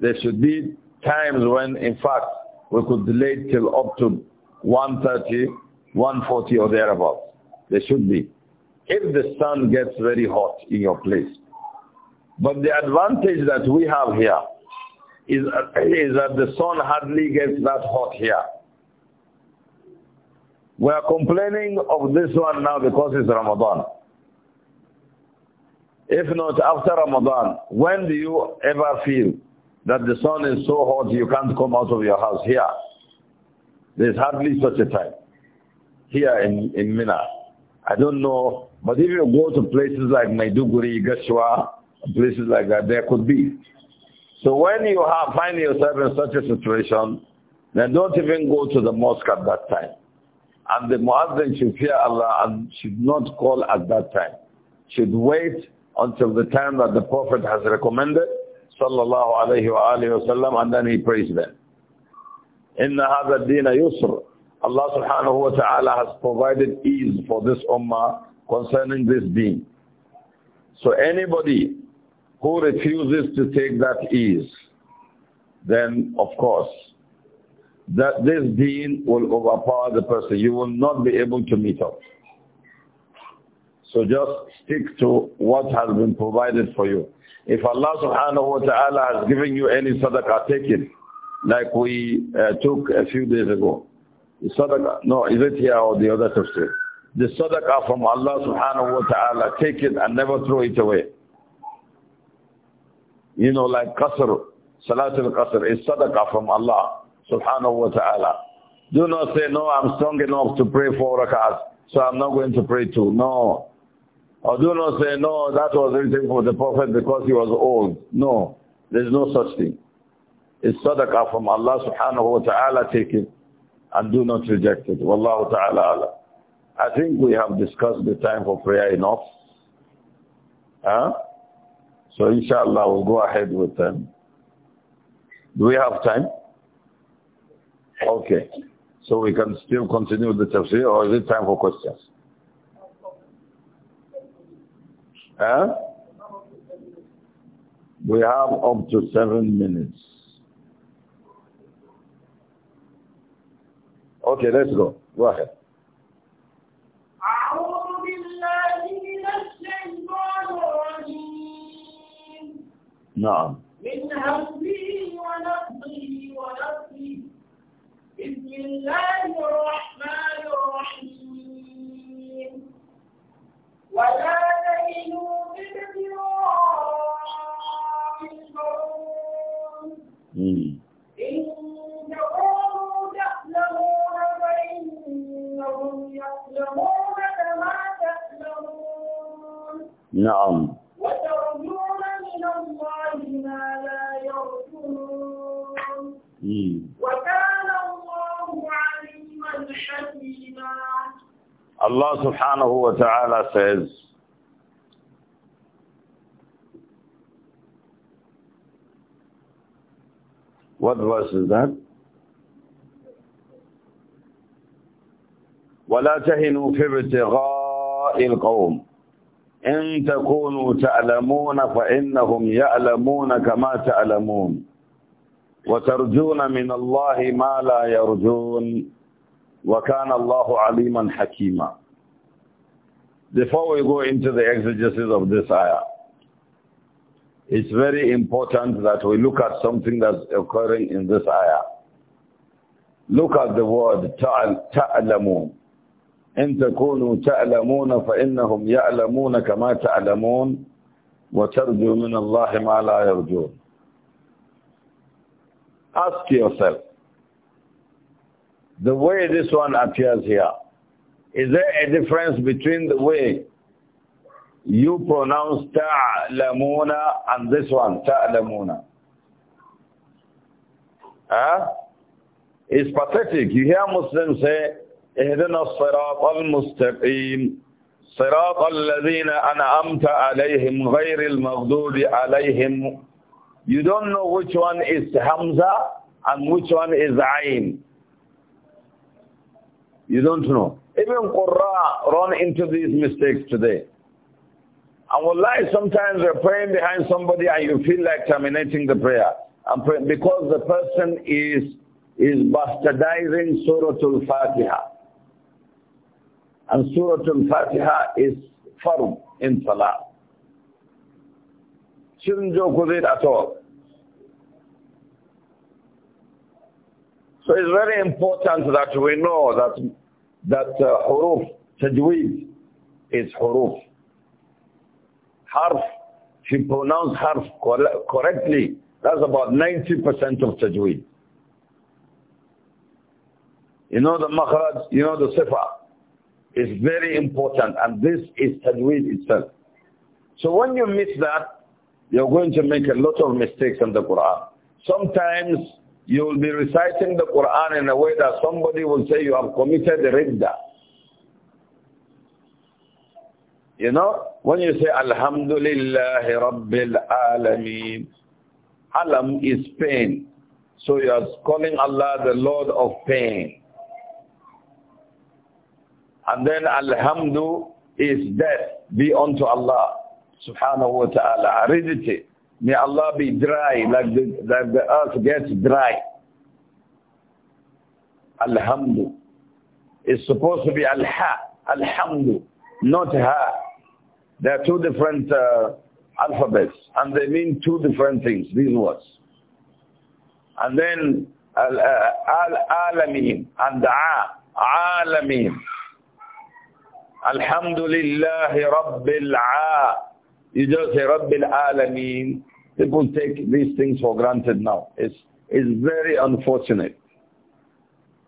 There should be times when, in fact, we could delay till up to 1.30, 1.40 or thereabouts. There should be. If the sun gets very hot in your place. But the advantage that we have here is, is that the sun hardly gets that hot here. We are complaining of this one now because it's Ramadan. If not, after Ramadan, when do you ever feel that the sun is so hot you can't come out of your house here? There's hardly such a time here in, in Mina. I don't know, but if you go to places like Maiduguri, Gashwa, places like that, there could be. So when you have, find yourself in such a situation, then don't even go to the mosque at that time. And the muazzin should fear Allah and should not call at that time. Should wait until the time that the Prophet has recommended sallallahu alayhi wa alayhi wa and then he prays them. Inna هَذَا الدِّينَ Allah subhanahu wa ta'ala has provided ease for this ummah concerning this deen. So anybody who refuses to take that ease, then of course, that this deen will overpower the person. You will not be able to meet up. So just stick to what has been provided for you. If Allah subhanahu wa ta'ala has given you any sadaqah, take it. Like we uh, took a few days ago. The sadaqah, no, is it here or the other tafsir? The sadaqah from Allah subhanahu wa ta'ala, take it and never throw it away. You know, like qasr, salatul qasr is sadaqah from Allah subhanahu wa ta'ala. Do not say, no, I'm strong enough to pray four rakats, so I'm not going to pray two. No, or do not say, no, that was written for the Prophet because he was old. No, there is no such thing. It's sadaqah from Allah subhanahu wa ta'ala. Take it and do not reject it. Wallahu ta'ala I think we have discussed the time for prayer enough. Huh? So inshallah we'll go ahead with them. Do we have time? Okay. So we can still continue the tafsir or is it time for questions? Huh? We have up to seven minutes. Okay, let's go. Go ahead. من بسم الله الرحمن الرحيم ولا Mm. نعم وترجون من الله ما لا يرجون وكان الله عليما حكيما الله سبحانه وتعالى says What verse is that? ولا تهنوا في بِتِغَاءِ القوم إن تكونوا تعلمون فإنهم يعلمون كما تعلمون وترجون من الله ما لا يرجون وكان الله عليما حكيما Before we go into the exegesis of this ayah, it's very important that we look at something that's occurring in this ayah. Look at the word ta'lamun. إن تكونوا تعلمون فإنهم يعلمون كما تعلمون وترجو من الله ما لا يرجون. Ask yourself, the way this one appears here, is there a difference between the way you pronounce ta'lamuna and this one, ta'lamuna. Huh? It's pathetic. You hear Muslims say, اهدنا الصراط المستقيم صراط الذين أنعمت عليهم غير المغضوب عليهم You don't know which one is Hamza and which one is Ain. You don't know. Even Qurra run into these mistakes today. And wallahi, sometimes you're praying behind somebody and you feel like terminating the prayer. And pray, because the person is, is bastardizing Surah Al-Fatiha. And Surah Al-Fatiha is farm in Salah. Shouldn't joke with it at all. So it's very important that we know that, that uh, huruf, tajweed, is huruf harf, she pronounced harf correctly, that's about 90% of tajweed. You know the makhraj, you know the sifa. is very important and this is tajweed itself. So when you miss that, you're going to make a lot of mistakes in the Quran. Sometimes you will be reciting the Quran in a way that somebody will say you have committed a riddah. You know, when you say Alhamdulillah Rabbil Alameen, Alam is pain. So you are calling Allah the Lord of pain. And then Alhamdu is death. Be unto Allah subhanahu wa ta'ala. Aridity. May Allah be dry like the, like the earth gets dry. Alhamdu. It's supposed to be Alha. Alhamdu. Not Ha. They are two different uh, alphabets, and they mean two different things, these words. And then al-alamim, uh, and da'a, alamim. Alhamdulillahi rabbil a. You just say rabbil alameen. People take these things for granted now. It's, it's very unfortunate.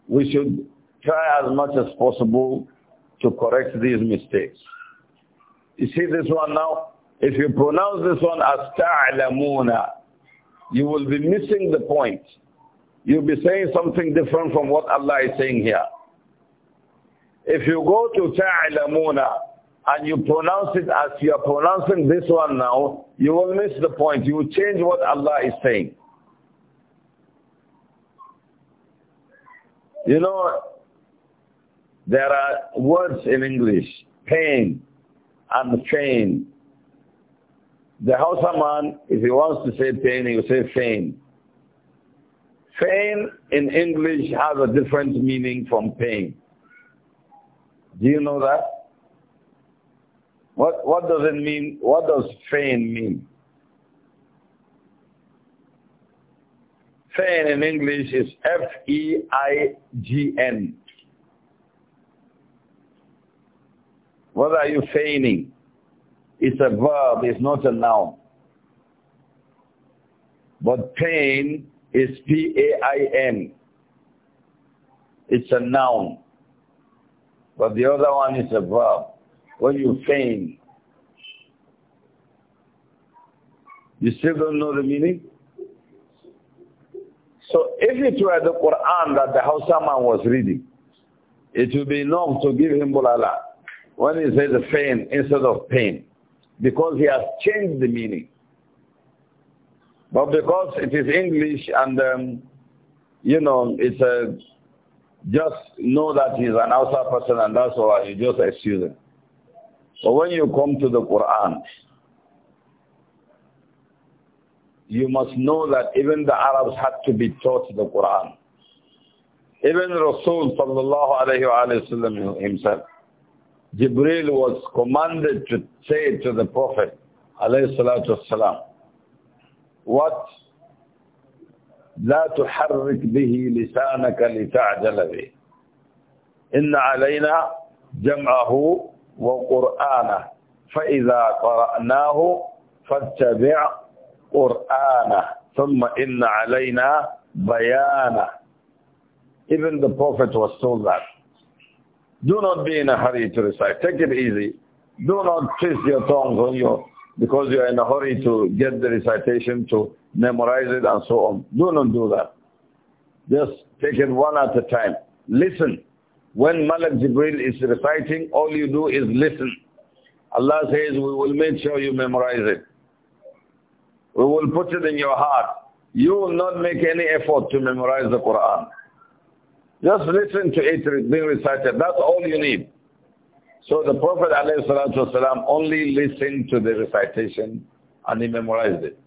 We should try as much as possible to correct these mistakes. You see this one now? If you pronounce this one as ta'lamuna, you will be missing the point. You'll be saying something different from what Allah is saying here. If you go to ta'lamuna and you pronounce it as you are pronouncing this one now, you will miss the point. You will change what Allah is saying. You know, there are words in English, pain, and fain. The Hausa man, if he wants to say pain, he will say fain. Fain in English has a different meaning from pain. Do you know that? What, what does it mean? What does fain mean? Fain in English is F-E-I-G-N. What are you feigning? It's a verb, it's not a noun. But pain is P-A-I-N. It's a noun. But the other one is a verb. When you feign, you still don't know the meaning? So if it were the Quran that the Hausa man was reading, it would be enough to give him bulala. When he says pain instead of pain, because he has changed the meaning. But because it is English and, um, you know, it's a, uh, just know that he's an outside person and that's why you just excuse him. But when you come to the Quran, you must know that even the Arabs had to be taught the Quran. Even Rasul sallallahu alayhi wa himself. Jibril was commanded to say to the Prophet, alayhi what لا تحرك به لسانك لتعجل به إن علينا جمعه وقرآنه فإذا قرأناه فاتبع قرآنه ثم إن علينا بيانه Even the Prophet was told that. Do not be in a hurry to recite. Take it easy. Do not twist your tongues on your, because you are in a hurry to get the recitation, to memorize it and so on. Do not do that. Just take it one at a time. Listen. When Malak Jibril is reciting, all you do is listen. Allah says, we will make sure you memorize it. We will put it in your heart. You will not make any effort to memorize the Quran. Just listen to it being recited. That's all you need. So the Prophet ﷺ only listened to the recitation and he memorized it.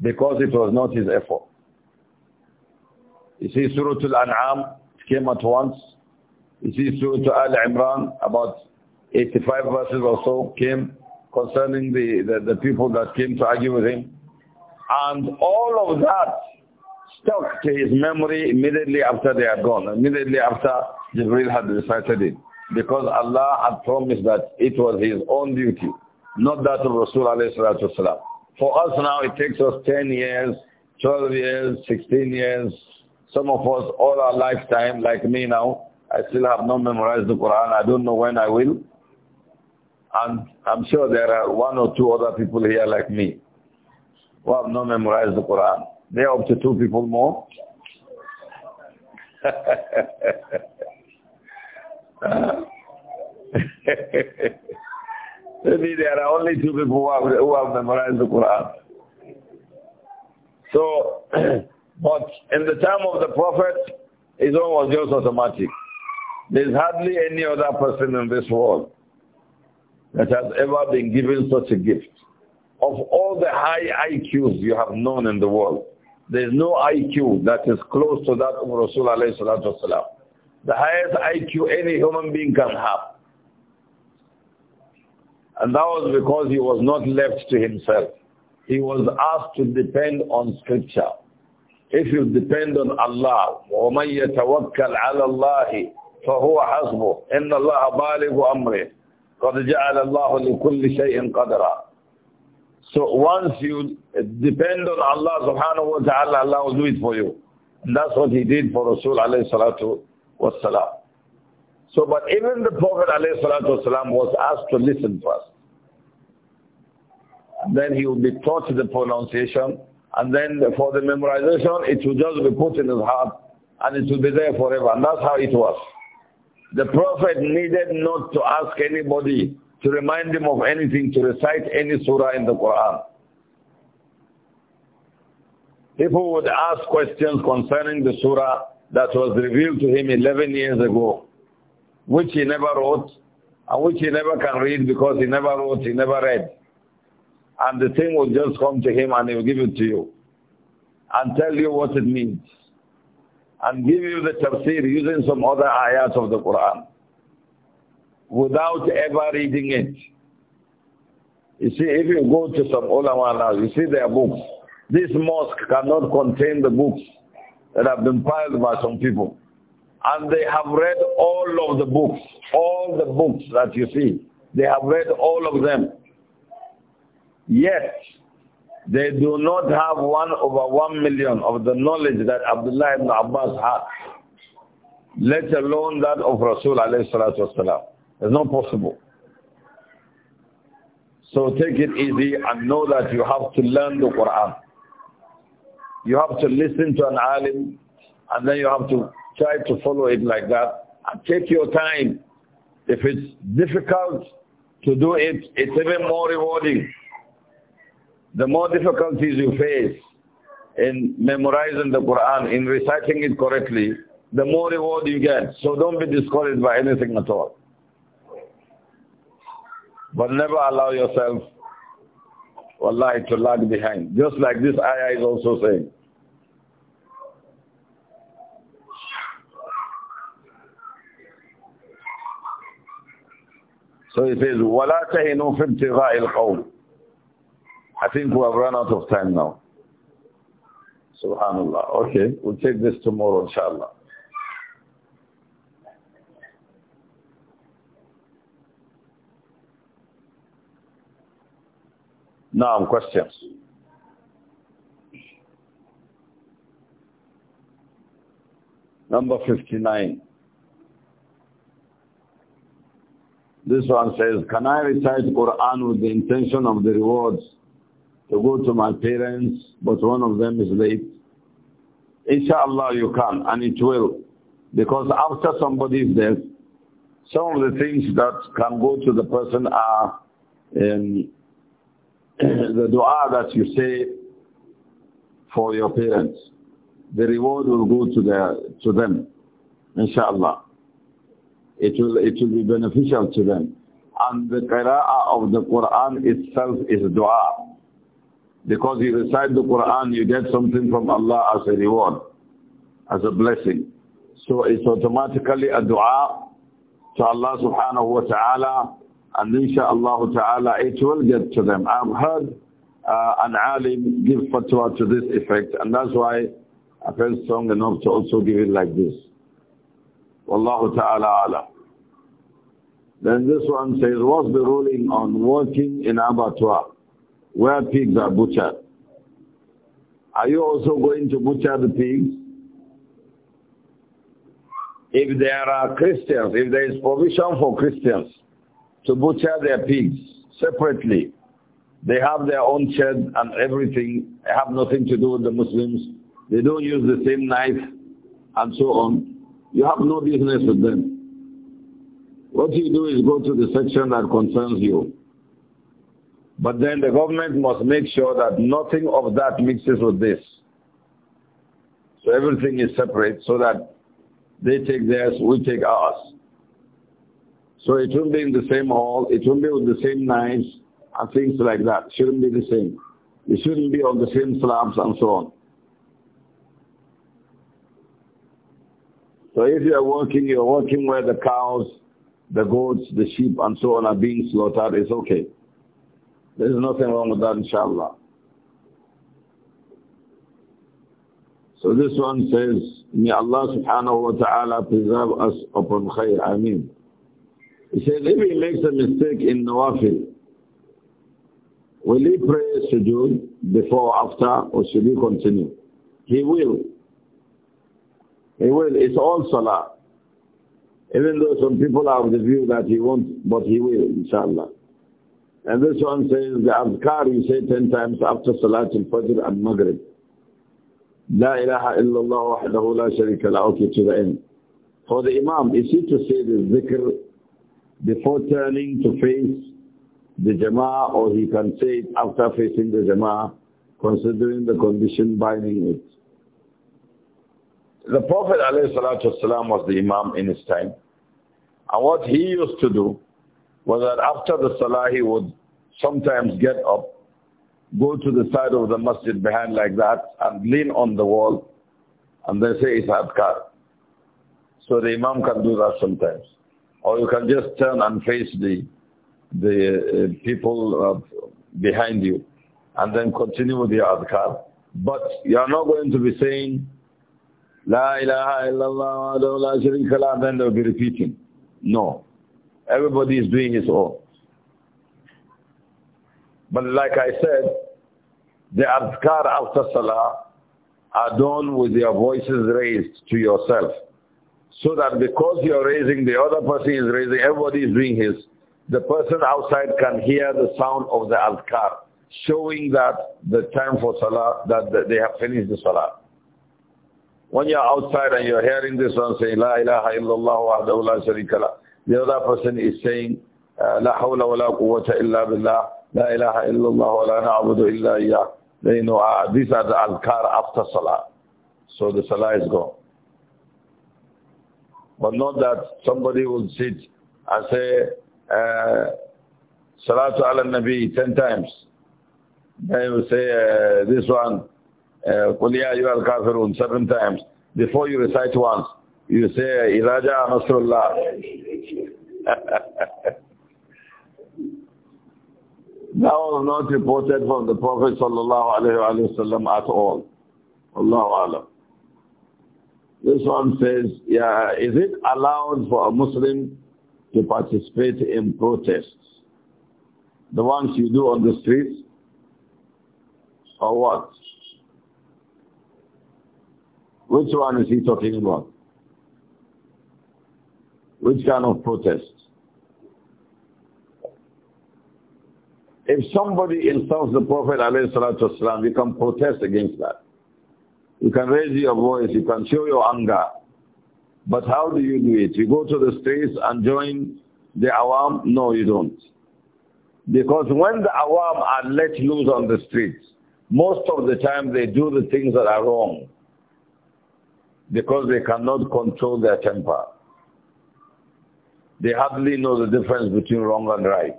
Because it was not his effort. You see Surah Al-An'am came at once. You see Surah Al-Imran, about 85 verses or so came concerning the, the, the people that came to argue with him. And all of that stuck to his memory immediately after they are gone, immediately after Jibril had recited it. Because Allah had promised that it was his own duty, not that of Rasul alayhi For us now, it takes us 10 years, 12 years, 16 years, some of us all our lifetime, like me now, I still have not memorized the Quran. I don't know when I will. And I'm sure there are one or two other people here like me who have not memorized the Quran. They're up to two people more. Maybe there are only two people who have, who have memorized the Quran. So, but in the time of the Prophet, his own was just automatic. There's hardly any other person in this world that has ever been given such a gift. Of all the high IQs you have known in the world, there is no IQ that is close to that of Rasulullah alayhi salatu wasalam. The highest IQ any human being can have. And that was because he was not left to himself. He was asked to depend on scripture. If you depend on Allah, وَمَنْ يَتَوَكَّلْ عَلَى اللَّهِ فَهُوَ حَسْبُهُ إِنَّ اللَّهَ بَالِغُ أَمْرِهِ قَدْ جَعَلَ اللَّهُ لِكُلِّ شَيْءٍ قَدْرًا so once you depend on Allah subhanahu wa ta'ala, Allah will do it for you. And that's what he did for Rasul alayhi salatu wasalam. So, but even the Prophet alayhi salatu wasalam was asked to listen first. And then he would be taught the pronunciation. And then for the memorization, it would just be put in his heart and it would be there forever. And that's how it was. The Prophet needed not to ask anybody to remind them of anything, to recite any surah in the Quran. People would ask questions concerning the surah that was revealed to him 11 years ago, which he never wrote, and which he never can read because he never wrote, he never read. And the thing will just come to him and he will give it to you and tell you what it means and give you the tafsir using some other ayat of the Quran without ever reading it. You see, if you go to some ulama now, you see their books. This mosque cannot contain the books that have been piled by some people. And they have read all of the books, all the books that you see. They have read all of them. Yet, they do not have one over one million of the knowledge that Abdullah ibn Abbas had, let alone that of Rasul alayhi salatu wasalam. It's not possible. So take it easy and know that you have to learn the Quran. You have to listen to an alim and then you have to try to follow it like that and take your time. If it's difficult to do it, it's even more rewarding. The more difficulties you face in memorizing the Quran, in reciting it correctly, the more reward you get. So don't be discouraged by anything at all. But never allow yourself, wallahi, to lag behind. Just like this ayah is also saying. So it says, وَلَا تَهِنُوا فِي ابْتِغَاءِ الْقَوْمِ I think we have run out of time now. Subhanallah. Okay, we'll take this tomorrow, inshallah. Now, questions. Number 59. This one says, can I recite Quran with the intention of the rewards to go to my parents, but one of them is late? Inshallah you can, and it will. Because after somebody's death, some of the things that can go to the person are um, the dua that you say for your parents, the reward will go to, the, to them, inshallah. It will, it will be beneficial to them. And the qira'ah of the Quran itself is dua. Because you recite the Quran, you get something from Allah as a reward, as a blessing. So it's automatically a dua to Allah subhanahu wa ta'ala and inshaAllah ta'ala, it will get to them. I've heard uh, an alim give fatwa to this effect, and that's why I felt strong enough to also give it like this. Wallahu ta'ala ala. Then this one says, what's the ruling on working in abattoir, where pigs are butchered? Are you also going to butcher the pigs? If there are Christians, if there is provision for Christians, to butcher their pigs separately. They have their own shed and everything. They have nothing to do with the Muslims. They don't use the same knife and so on. You have no business with them. What you do is go to the section that concerns you. But then the government must make sure that nothing of that mixes with this. So everything is separate so that they take theirs, we take ours. So it won't be in the same hall, it won't be with the same knives and things like that. It shouldn't be the same. It shouldn't be on the same slabs and so on. So if you are working, you are working where the cows, the goats, the sheep and so on are being slaughtered, it's okay. There's nothing wrong with that, inshallah. So this one says, May Allah subhanahu wa ta'ala preserve us upon Khayr, Ameen. He says, if he makes a mistake in Nawafil, will he pray sujood before or after, or should he continue? He will. He will. It's all salah. Even though some people have the view that he won't, but he will, inshallah. And this one says, the azkar you say ten times after salat al-fajr and maghrib. إله إلا illallah وحده لا شريك له Okay, to the end. For the imam, is he to say the zikr before turning to face the jama'ah or he can say it after facing the jama'ah considering the condition binding it. The Prophet ﷺ was the imam in his time. And what he used to do was that after the salah he would sometimes get up, go to the side of the masjid behind like that and lean on the wall and then say his Adkar. So the imam can do that sometimes. Or you can just turn and face the, the uh, people uh, behind you and then continue with your adhkar. But you are not going to be saying, La ilaha illallah wa la sharika la, then they'll be repeating. No. Everybody is doing his own. But like I said, the adhkar after salah are done with your voices raised to yourself. So that because you're raising, the other person is raising, everybody is doing his. The person outside can hear the sound of the adhkar, showing that the time for salah, that they have finished the salah. When you're outside and you're hearing this one saying, La ilaha illallah wa la sharika la, the other person is saying, uh, hawla حول ولا قوة إلا بالله لا إله إلا wa ولا نعبد illa إياه they know uh, these are the adhkar after salah so the salah is gone but not that somebody will sit and say, uh, Salatu ala Nabi ten times. Then you say uh, this one, uh, Qul ya kafirun seven times. Before you recite once, you say, Iraja Nasrullah. That was not reported from the Prophet sallallahu alaihi wasallam at all. Allahu alam. This one says, yeah, is it allowed for a Muslim to participate in protests? The ones you do on the streets? Or what? Which one is he talking about? Which kind of protest? If somebody insults the Prophet ﷺ, you can protest against that. You can raise your voice, you can show your anger. But how do you do it? You go to the streets and join the awam? No, you don't. Because when the awam are let loose on the streets, most of the time they do the things that are wrong. Because they cannot control their temper. They hardly know the difference between wrong and right.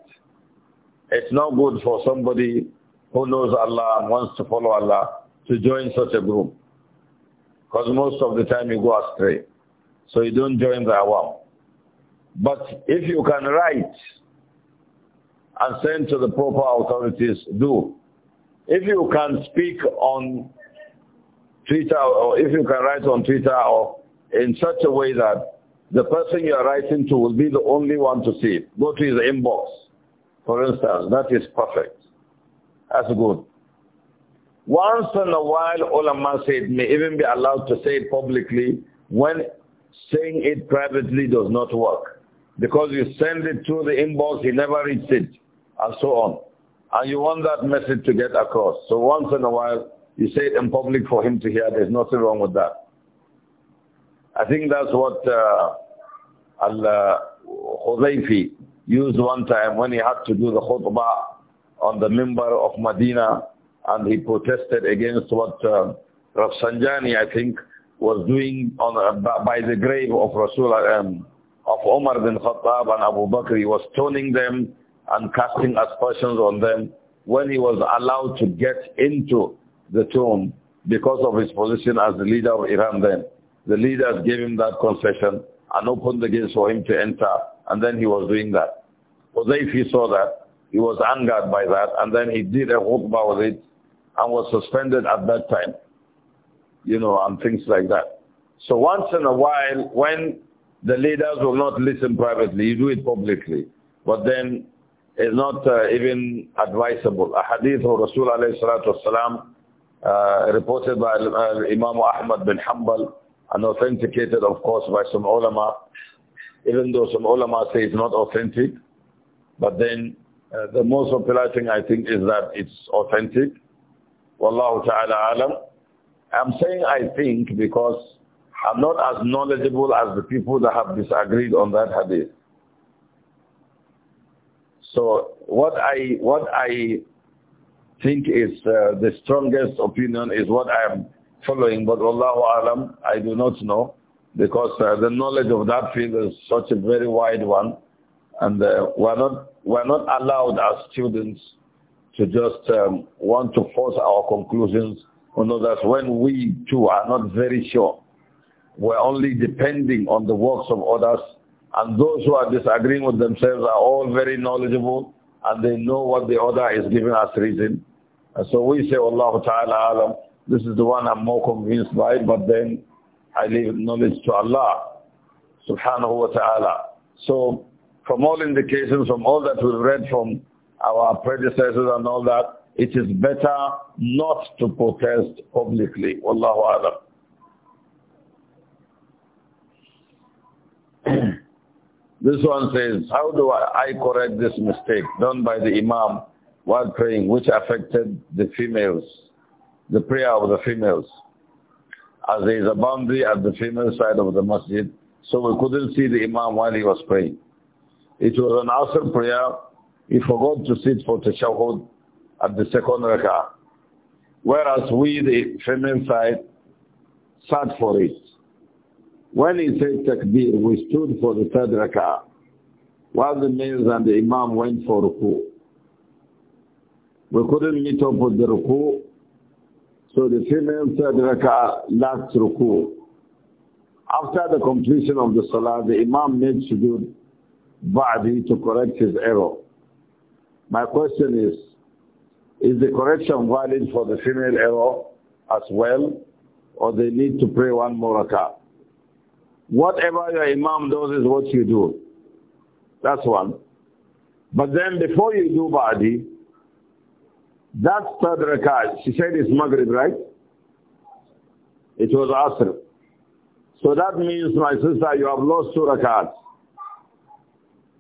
It's not good for somebody who knows Allah and wants to follow Allah to join such a group. Because most of the time you go astray. So you don't join the awam. But if you can write and send to the proper authorities, do. If you can speak on Twitter or if you can write on Twitter or in such a way that the person you are writing to will be the only one to see it. Go to his inbox, for instance. That is perfect. That's good. Once in a while, ulama say it may even be allowed to say it publicly when saying it privately does not work. Because you send it through the inbox, he never reads it, and so on. And you want that message to get across. So once in a while, you say it in public for him to hear. There's nothing wrong with that. I think that's what uh, Al-Khudayfi uh, used one time when he had to do the khutbah on the member of Medina and he protested against what uh, Rafsanjani, I think, was doing on uh, by the grave of Rasul um, of Omar bin Khattab and Abu Bakr. He was stoning them and casting aspersions on them when he was allowed to get into the tomb because of his position as the leader of Iran then. The leaders gave him that concession and opened the gates for him to enter and then he was doing that. he saw that. He was angered by that and then he did a khutbah with it and was suspended at that time, you know, and things like that. So once in a while, when the leaders will not listen privately, you do it publicly. But then it's not uh, even advisable. A hadith of Rasul alayhi salatu wasalam, uh, reported by uh, Imam Ahmad bin Hanbal and authenticated, of course, by some ulama, even though some ulama say it's not authentic. But then uh, the most popular thing I think is that it's authentic. Wallahu ta'ala alam. I'm saying I think because I'm not as knowledgeable as the people that have disagreed on that hadith. So what I, what I think is uh, the strongest opinion is what I am following, but Wallahu alam, I do not know because uh, the knowledge of that field is such a very wide one and uh, we're, not, we're not allowed as students to just um, want to force our conclusions on others when we too are not very sure. We're only depending on the works of others and those who are disagreeing with themselves are all very knowledgeable and they know what the other is giving us reason. And so we say, Allah Ta'ala Alam, this is the one I'm more convinced by, but then I leave knowledge to Allah subhanahu wa ta'ala. So from all indications, from all that we've read from our predecessors and all that, it is better not to protest publicly. Wallahu alam. this one says, how do I, I correct this mistake done by the imam while praying, which affected the females, the prayer of the females? As there is a boundary at the female side of the masjid, so we couldn't see the imam while he was praying. It was an Asr prayer he forgot to sit for tashahud at the second rak'ah. Whereas we, the female side, sat for it. When he said takbir, we stood for the third rak'ah, while the males and the imam went for ruku. We couldn't meet up with the ruku, so the female third rak'ah lacked ruku. After the completion of the salah, the imam made sujood ba'di to correct his error. My question is, is the correction valid for the female error as well, or they need to pray one more rakah? Whatever your imam does is what you do. That's one. But then before you do badi, that third rakah, she said it's Maghrib, right? It was Asr. So that means, my sister, you have lost two rakahs.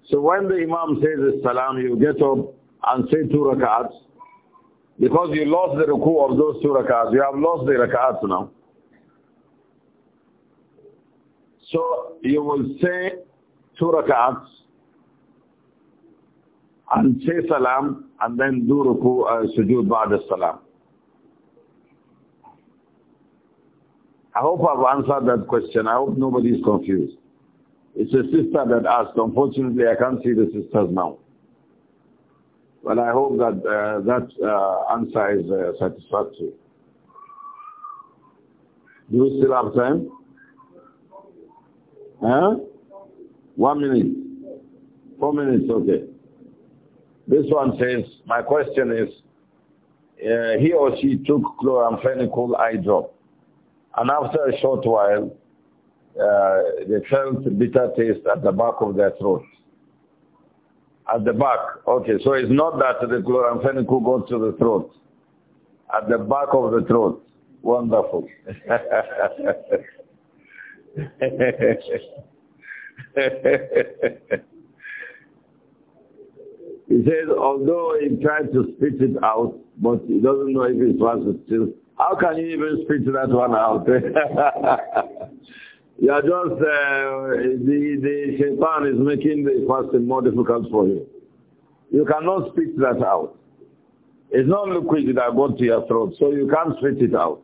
So when the Imam says salam, you get up, and say two rak'ats, because you lost the ruku of those two rak'ats, you have lost the rak'ats now. So you will say two rak'ats and say salam and then do ruku uh, sujood ba'da salam. I hope I've answered that question. I hope nobody is confused. It's a sister that asked. Unfortunately, I can't see the sisters now. Well, I hope that uh, that uh, answer is uh, satisfactory. Do we still have time? Huh? One minute. Four minutes, okay. This one says, my question is, uh, he or she took chloramphenicol eye drop, and after a short while, uh, they felt bitter taste at the back of their throat. At the back. Okay, so it's not that the chloramphenicol goes to the throat. At the back of the throat. Wonderful. he says, although he tried to spit it out, but he doesn't know if it was still. How can you even spit that one out? You are just, uh, the, the shaitan is making the fasting more difficult for you. You cannot spit that out. It's not liquid that goes to your throat, so you can't spit it out.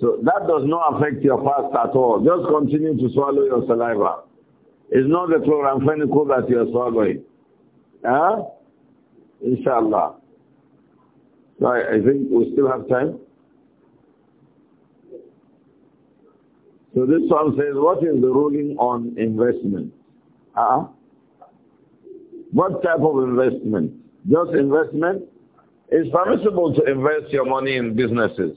So that does not affect your fast at all. Just continue to swallow your saliva. It's not the chloramphenicol that you are swallowing. Huh? Inshallah. So I, I think we still have time. So this one says, what is the ruling on investment? -huh. What type of investment? Just investment? It's permissible to invest your money in businesses.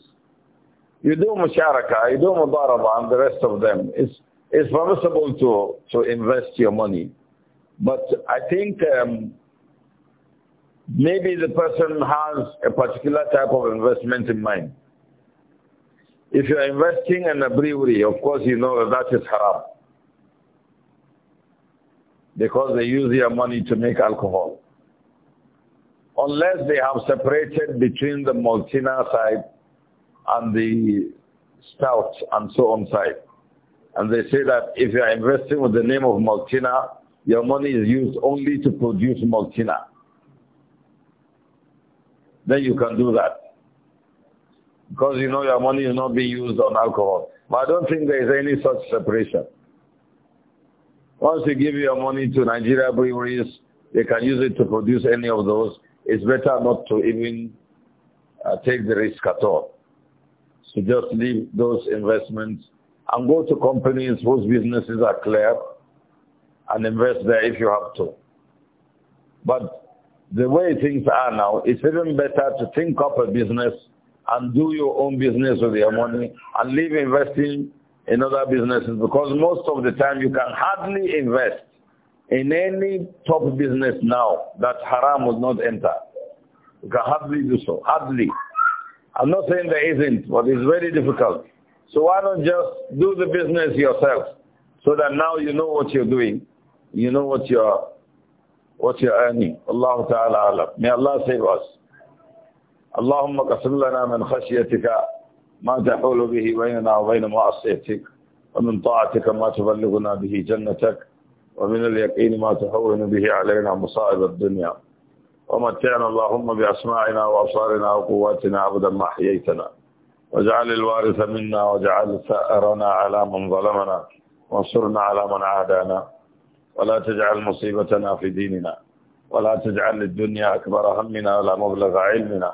You do musharaka, you do mudaraba and the rest of them. It's, it's permissible to, to invest your money. But I think um, maybe the person has a particular type of investment in mind. If you are investing in a brewery, of course you know that, that is haram. Because they use your money to make alcohol. Unless they have separated between the Maltina side and the stout and so on side. And they say that if you are investing with the name of Maltina, your money is used only to produce Maltina. Then you can do that because you know your money is not being used on alcohol. But I don't think there is any such separation. Once you give your money to Nigeria breweries, they can use it to produce any of those. It's better not to even uh, take the risk at all. So just leave those investments and go to companies whose businesses are clear and invest there if you have to. But the way things are now, it's even better to think up a business and do your own business with your money and leave investing in other businesses because most of the time you can hardly invest in any top business now that haram would not enter. You can hardly do so, hardly. I'm not saying there isn't, but it's very difficult. So why not just do the business yourself so that now you know what you're doing, you know what you're, what you're earning. Allah Ta'ala May Allah save us. اللهم قسم لنا من خشيتك ما تحول به بيننا وبين معصيتك ومن طاعتك ما تبلغنا به جنتك ومن اليقين ما تهون به علينا مصائب الدنيا ومتعنا اللهم بأسماعنا وأبصارنا وقواتنا عبدا ما حييتنا واجعل الوارث منا واجعل ثأرنا على من ظلمنا وانصرنا على من عادانا ولا تجعل مصيبتنا في ديننا ولا تجعل الدنيا أكبر همنا ولا مبلغ علمنا